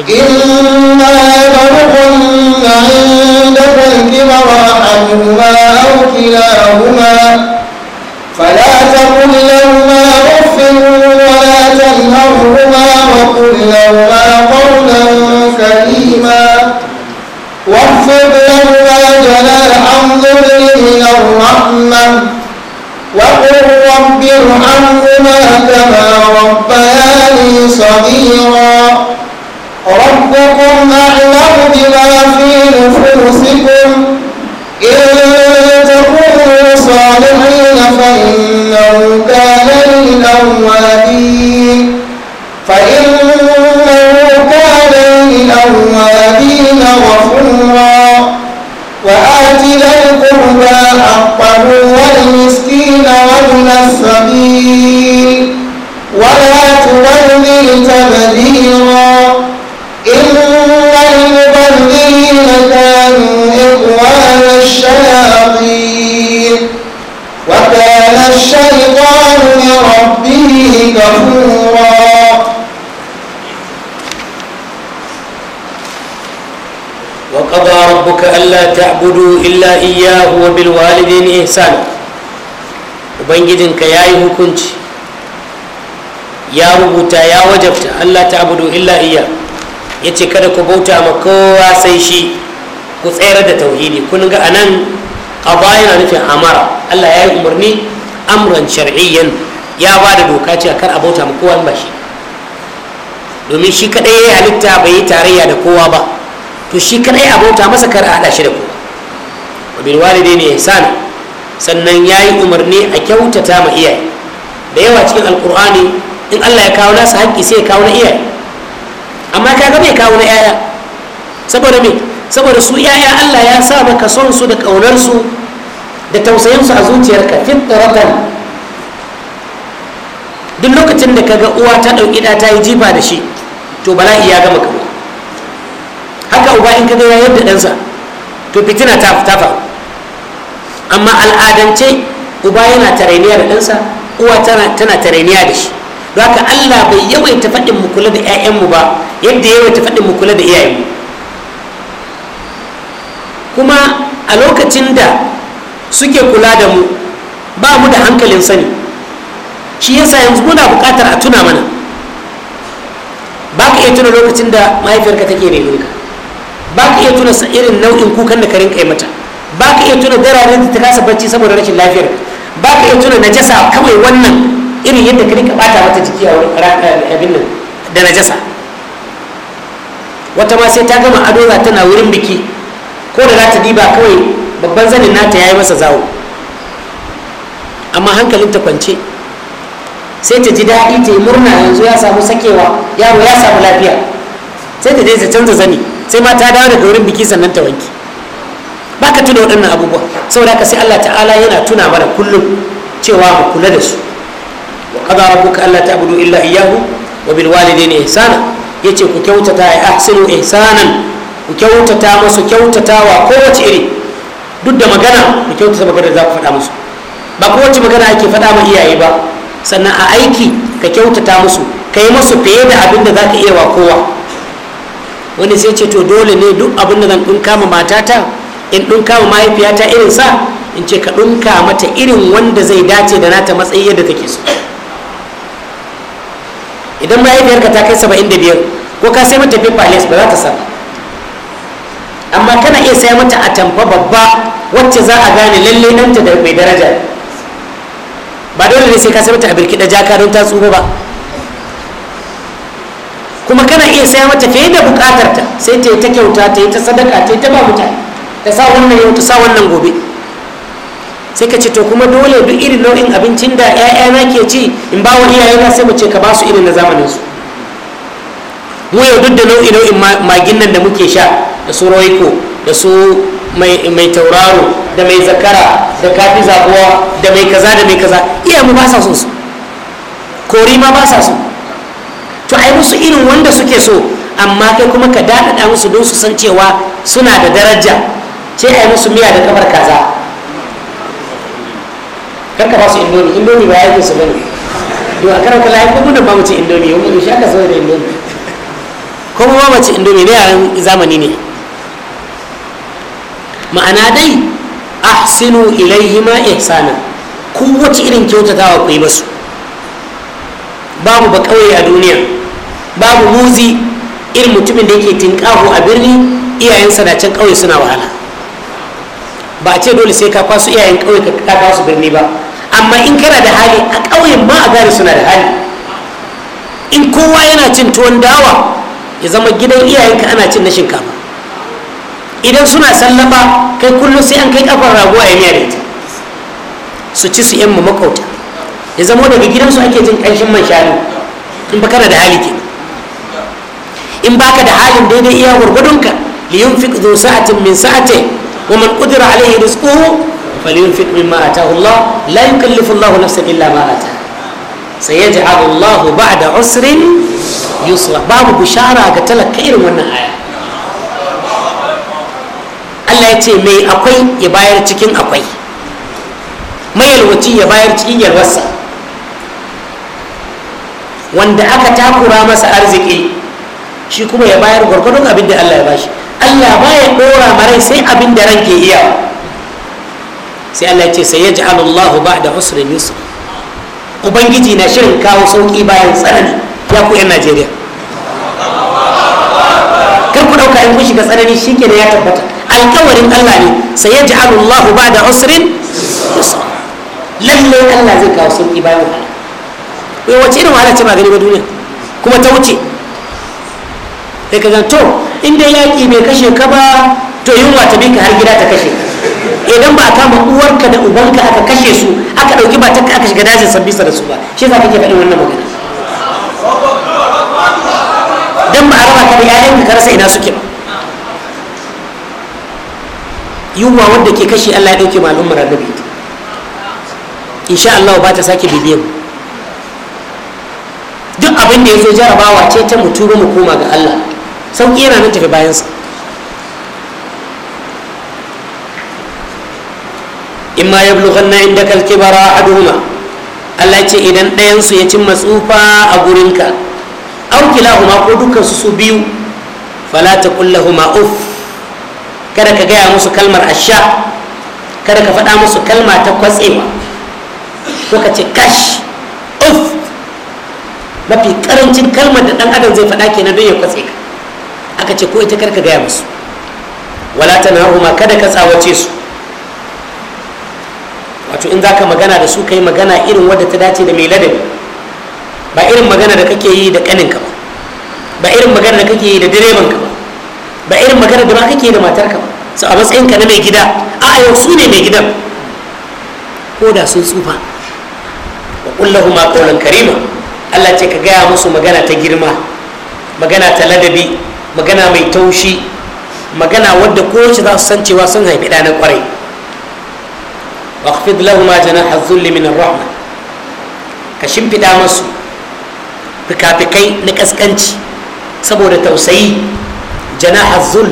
إما يبلغن عندك الكبر أحدهما أو كلاهما فلا تقل لهما أف ولا تنهرهما وقل لهما إلا جناح الظل من الرحمة وقل رب ارحمهما كما ربياني صغيرا ربكم أعلم بما في نفوسكم إن تكونوا صالحين فإنه كان للأوابين ذي القربى حقه والمسكين وابن السبيل ولا تبذل تبذيرا إن المبذلين كانوا إخوان الشياطين وكان الشيطان لربه كفورا قضى ربك ألا تعبدوا إلا إياه وبالوالدين إحسانا وبنجدن كياي هكونت يا ربوتا يا وجبت ألا تعبدوا إلا إياه yace kada ku bauta ma kowa sai shi ku tsayar da tauhidi kun ga anan qada yana nufin amara Allah ya yi umarni amran shar'iyyan ya ba da doka cewa kar a bauta ma kowa ba shi domin shi kadai ya halitta bai yi tarayya da kowa ba to shi kadai a bauta masa kar a hada shi da ku wa bil ne ihsan sannan yayi umarni a kyautata ma iyaye da yawa cikin alqur'ani in Allah ya kawo nasa haƙƙi sai ya kawo na iyaye amma kaga bai kawo na yaya saboda me saboda su yaya Allah ya sa maka son su da kaunar su da tausayin su a zuciyarka fitratan duk lokacin da kaga uwa ta dauki da ta yi jifa da shi to bala'i ya gama kawo haka uba in ka ga yadda ɗansa to fitina ta tafa amma al'adance uba yana tarainiya da ɗansa uwa tana tana tarainiya da shi don haka Allah bai yawaita faɗin mu kula da 'ya'yanmu ba yadda yawaita faɗin mu kula da iyayenmu kuma a lokacin da suke kula da mu ba mu da hankalin sani shi yasa yanzu muna bukatar a tuna mana ba ka iya tuna lokacin da mahaifiyarka take ka ba ka iya tuna irin nau'in kukan da ka kai mata ba ka iya tuna dararen da ta kasa bacci saboda rashin lafiyar ba ka iya tuna najasa kawai wannan irin yadda ka rika bata mata jiki a abin nan da najasa wata ma sai ta gama ado za tana wurin biki ko da za ta diba kawai babban zanin nata ya yi masa zawo amma hankalin ta kwance sai ta ji daɗi ta yi murna yanzu ya samu sakewa yaro ya samu lafiya sai ta je ta canza zani sai ma ta dawo daga wurin biki sannan ta wanke ba ka tuna waɗannan abubuwa saboda ka sai Allah ta'ala yana tuna mana kullum cewa mu kula da su wa qada rabbuka alla ta'budu illa iyyahu wa bil walidayni ihsana yace ku kyautata ya ahsinu ihsanan ku kyautata musu kyautata wa kowace iri duk da magana ku kyautata magana za ku faɗa musu ba kowace magana ake faɗa ma iyaye ba sannan a aiki ka kyautata musu ka yi musu fiye da abin da za ka iya wa kowa wani sai ce to dole ne duk abin da zan ɗinka ma matata in ɗinka ma mahaifiyata irin sa in ce ka ɗunka mata irin wanda zai dace da nata matsayi yadda take so idan mahaifiyarka ta kai saba'in da biyar ko ka sai mata paper les ba za ta samu amma kana iya sai mata a tamfa babba wacce za a gane lalle ɗanta da mai daraja ba dole ne sai ka sai mata a birkiɗa jaka don ta tsufa ba kuma kana iya saya mata fiye da bukatar ta sai ta yi ta kyauta ta yi ta sadaka ta yi ta ba mutane ta sa wannan yau ta sa wannan gobe sai ka ce to kuma dole duk irin nau'in abincin da 'ya'yana ke ci in ba wa na sai mu ce ka ba su irin na zamanin su mu yau duk da nau'in nau'in magin nan da muke sha da su roiko da su mai tauraro da mai zakara da kafi zabuwa da mai kaza da mai kaza iya mu ba sa so su kori ma ba sa so to ai musu irin wanda suke so amma kai kuma ka daɗaɗa musu don su san cewa suna da daraja ce ai musu miya da kamar kaza kar ka ba su indomi indomi ba yi su bane to a karanta lai ko mun ba mu ci indomi mun mu shaka so da indomi ko mu ba mu ci indomi ne a zamani ne ma'ana dai ahsinu ilaihima ihsanan kowace irin kyautatawa ku yi basu babu ba kawai a duniya babu muzi irin mutumin da yake tinkahu a birni iyayensa na can ƙauye suna wahala ba a ce dole sai ka kwasu iyayen ƙauye ka su birni ba amma in kana da hali a ƙauyen ma a gari suna da hali in kowa yana cin tuwon dawa ya zama gidan iyayenka ana cin na shinkafa idan suna sallaba kai kullum sai an kai kafar raguwa a miya da ita su ci su yamma makauta ya zama daga gidansu ake jin kanshin man shanu in ba kana da hali kenan in baka da halin daidai iya gurgudunka liyunfiq dhu sa'atin min sa'ati wa man qudira alayhi rizquhu falyunfiq mimma ataahu Allah la yukallifu Allah nafsan illa ma ataaha sayaj'alu Allah ba'da usrin yusra babu bishara ga talaka irin wannan aya Allah ya ce mai akwai ya bayar cikin akwai mayalwaci ya bayar cikin yalwarsa wanda aka takura masa arziki shi kuma ya bayar gwargwadon abin da Allah ya bashi Allah baya dora marai sai abin da ran ke iya sai Allah ya ce sai ba da usrin yusuf. ubangiji na shirin kawo sauki bayan tsanani ya ku yan Najeriya kar ku ɗauka in kun shiga tsanani shikenan ya tabbata alkawarin Allah ne sai ba da usrin yusra lalle Allah zai kawo sauki bayan wahala wace irin wahala ce ba gani ba duniya kuma ta wuce sai ka to inda yaƙi bai kashe ka ba to yunwa ta bika har gida ta kashe idan ba a kama uwarka da ubanka aka kashe su aka ɗauki ba ta aka shiga dajin sabbisa da su ba shi za ka ke faɗin wannan magana dan ba a raba ka da yayan ka rasa ina suke ba yunwa wadda ke kashe Allah ya ɗauke malum maranabi insha Allah ba ta sake bibiyan duk abin da ya zo jarabawa ce ta mutu ba mu koma ga Allah sauƙi yana nan tafi bayansa in ma ya bulukan na inda bara a duhuma allah ce idan ɗayansu ya cimma tsufa a gurinka auki huma ko dukkan su biyu falata kulla huma uf kada ka gaya musu kalmar asha kada ka faɗa musu kalma ta kwatsewa ko ka ce kash uf mafi karancin kalmar da ɗan adam zai faɗa na don ya kwatse ka aka ce ko ita karka gaya musu wala ta ma kada ka tsawace su wato in zaka magana da su ka yi magana irin wadda ta dace da mai ladabi ba irin magana da kake yi da kaninka ba ba irin magana da kake yi da direbanka ba ba irin magana da ba kake yi da matarka ba su a matsayin ka na mai gida a yau su ne mai gidan ko da sun tsufa wa kullahu ma qawlan karima Allah ce ka gaya musu magana ta girma magana ta ladabi magana mai taushi magana wadda kowace za su san cewa sun haifi ɗa na ƙwarai waqfid lahuma ma dhulli min ar-rahma ka shimfiɗa masu fikafikai na kaskanci saboda tausayi jana dhul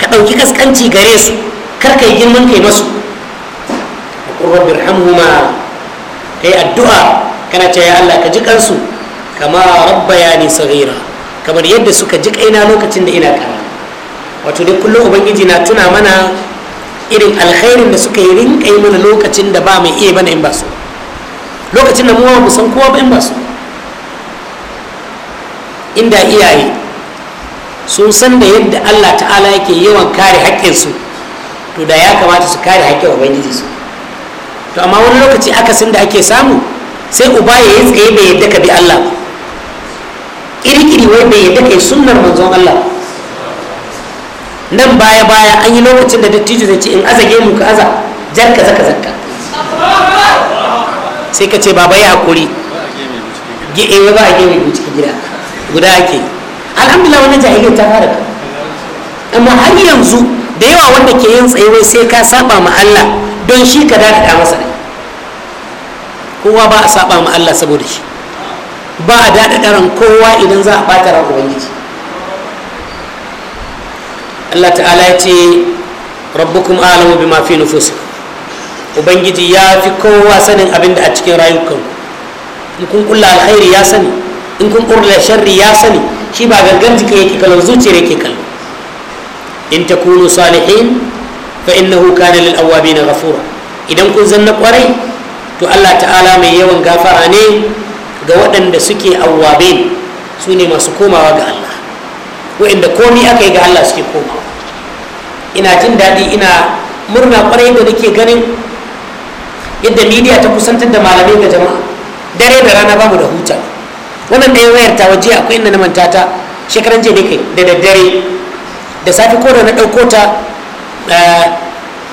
ka ɗauki kaskanci gare su kar yi girman kai masu ma birhamhuma kai addu'a kana ce ya Allah ka ji kansu kama rabbayani saghira kamar yadda suka ji kaina lokacin da ina kana wato dai kullum ubangiji na tuna mana irin alkhairin da suka yi rinka yi mana lokacin da ba mai iya bana in ba su lokacin da muwa musan kowa ba in ba su inda iyaye sun san da yadda allah ta'ala yake yawan kare haƙƙinsu to da ya kamata su kare haƙƙin ubangiji su to amma wani lokaci akasin da ake samu sai uba ya yi tsaye bai yadda ka bi allah ba kirkiri wanda ya dake sunnar manzon Allah nan baya baya an yi lokacin da dattijo zai ce in aza mu ka aza jar ka zaka zakka sai ka ce baba ya hakuri eh ba a gemu cikin gida guda ake alhamdulillah wannan jahiliyar ta fara amma har yanzu da yawa wanda ke yin tsayuwai sai ka saba ma Allah don shi ka dakata masa ne kowa ba a saba ma Allah saboda shi ba a daɗa ɗaran kowa idan za a ɓata ran ubangiji allah ta'ala ya ce rabbukum alamu bima mafi nufusikum ubangiji ya fi kowa sanin abin da a cikin rayukan in kun kulla alkhairi ya sani in kun kulla sharri ya sani shi ba gangan jiki yake kallon zuciyar yake kallon in ta takunu salihin fa innahu kana lil na ghafura idan kun zanna kwarai to Allah ta'ala mai yawan gafara ne ga waɗanda suke awwabe su ne masu komawa ga Allah waɗanda komi aka yi ga Allah suke komawa ina jin daɗi ina murna ƙwarai da nake ganin yadda midiya ta kusantar da malamai ga jama'a dare da rana bamu da huta wannan ya wayar ta waje akwai inda na manta ta shekaran jiya kai da daddare da safi ko da na ɗauko ta eh,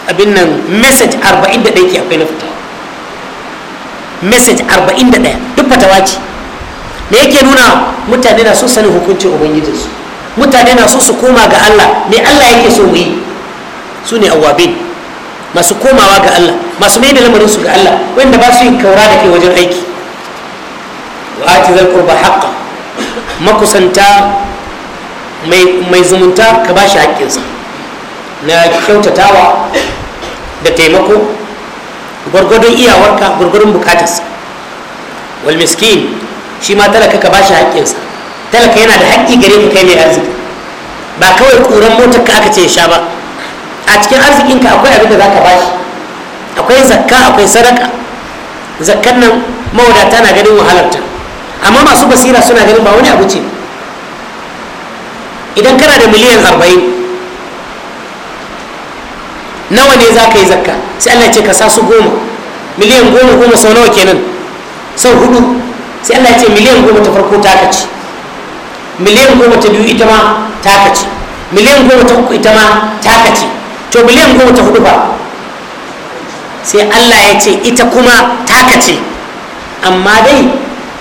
abin nan message arba'in da ɗaya ke akwai na fita message ɗaya duk fatawa ce da yake nuna mutane na so sanin hukuncin ubangijinsu mutane na so su koma ga allah me allah yake so mu yi su ne awabin masu komawa ga allah masu mai da lamarinsu ga allah wanda ba su yin kaura da ke wajen aiki wa ati zal qurba haqqan makusanta mai zumunta ka bashi shi haƙƙinsa na kyautatawa da taimako gwargwadon iyawarka gwargwadon bukatarsa wal miskin shi ma talaka ka bashi haƙƙinsa talaka yana da haƙƙi gare ka kai mai arziki ba kawai ƙuran motar ka aka ce ya sha ba a cikin arzikinka akwai abin da za ka bashi akwai zakka akwai sadaka zakkan nan mawadata na ganin wahalarta amma masu basira suna ganin ba wani abu ce idan kana da miliyan arba'in nawa ne za ka yi zakka sai Allah ce ka sa su goma miliyan goma goma sau nawa kenan sau hudu sai Allah ce miliyan goma ta farko ta kaci miliyan goma ta biyu ita ma ta kaci miliyan goma ta uku ita ma ta kaci to miliyan goma ta hudu ba sai Allah ya ce ita kuma ta kaci amma dai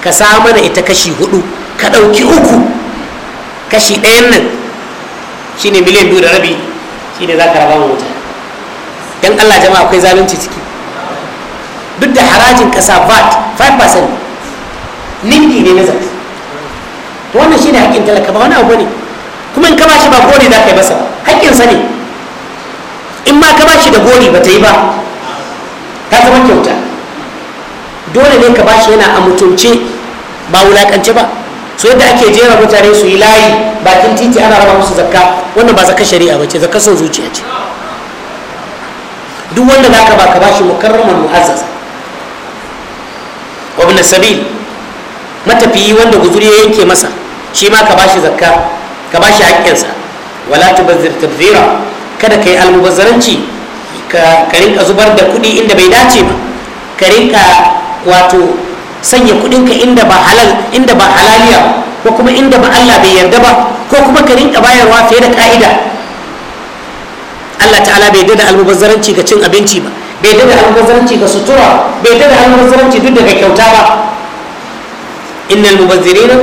ka sa mana ita kashi hudu ka ɗauki uku kashi ɗayan nan shine miliyan biyu da rabi shine za ka raba wa mutane dan Allah jama'a akwai zalunci ciki duk da harajin kasa VAT 5% nindi ne na zaki to wannan shine haƙƙin talaka ba wani abu ne kuma in ka bashi ba gori za ka yi masa haƙƙinsa ne in ma ka bashi da gori ba ta yi ba ta zama kyauta dole ne ka bashi yana a mutunce ba wulaƙance ba so yadda ake jera mutane su yi layi bakin titi ana raba musu zakka wannan ba zakka shari'a ba ce zakka son zuciya ce duk wanda za ka ba ka bashi mukarraman mu'azzaz wa sabil matafiyi wanda guzuri ya yanke masa shi ma ka bashi zakka ka bashi haƙƙinsa wala tubazzir tabzira kada ka yi almubazzaranci ka rinka zubar da kuɗi inda bai dace ba ka rinka wato sanya kuɗinka inda ba halal inda ba halaliya ko kuma inda ba Allah bai yarda ba ko kuma ka rinka bayarwa fiye da ka'ida Allah ta'ala bai da almubazzaranci ga cin abinci ba bai da almubazzaranci ga sutura bai da almubazzaranci duk daga kyauta ba innal mubazzirina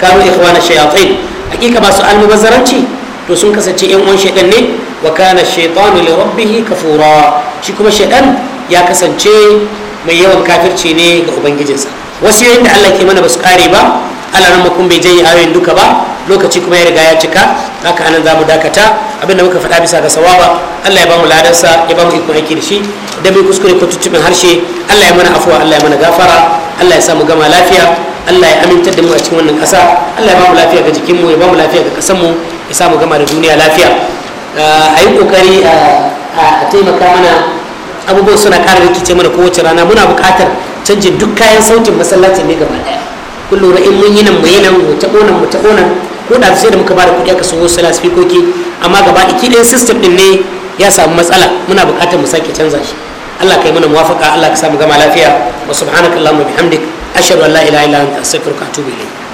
kanu ikhwana shayatin hakika ba su almubazzaranci to sun kasance yan uwan shaytan ne wa kana shaytanu li rabbih kafura shi kuma shaytan ya kasance mai yawan kafirci ne ga ubangijinsa wasu yayin da Allah ke mana basu ƙare kare ba ala nan kun bai janye ayoyin duka ba lokaci kuma ya riga ya cika haka anan zamu dakata abinda muka faɗa bisa ga sawaba Allah ya bamu ladansa ya bamu iko aiki da shi da mai kuskure ko tutubin harshe Allah ya mana afuwa Allah ya mana gafara Allah ya sa mu gama lafiya Allah ya amintar da mu a cikin wannan ƙasa Allah ya bamu lafiya ga mu ya mu lafiya ga mu ya samu gama da duniya lafiya eh, a yi ƙoƙari a taimaka mana abubuwan suna ƙara rikice mana kowace rana muna buƙatar canjin duk kayan sautin masallacin ne gaba ɗaya kun lura in mun yi nan mu yi nan mu taɓo nan mu taɓo nan ko da sai da muka ba da kuɗi aka so wasu ke amma gaba ɗaki ɗin system ɗin ne ya samu matsala muna buƙatar mu sake canza shi Allah kai mana muwafaƙa Allah ka samu gama lafiya wa subhanakallahumma bihamdik ashhadu an la ilaha illa anta astaghfiruka wa atubu ilayk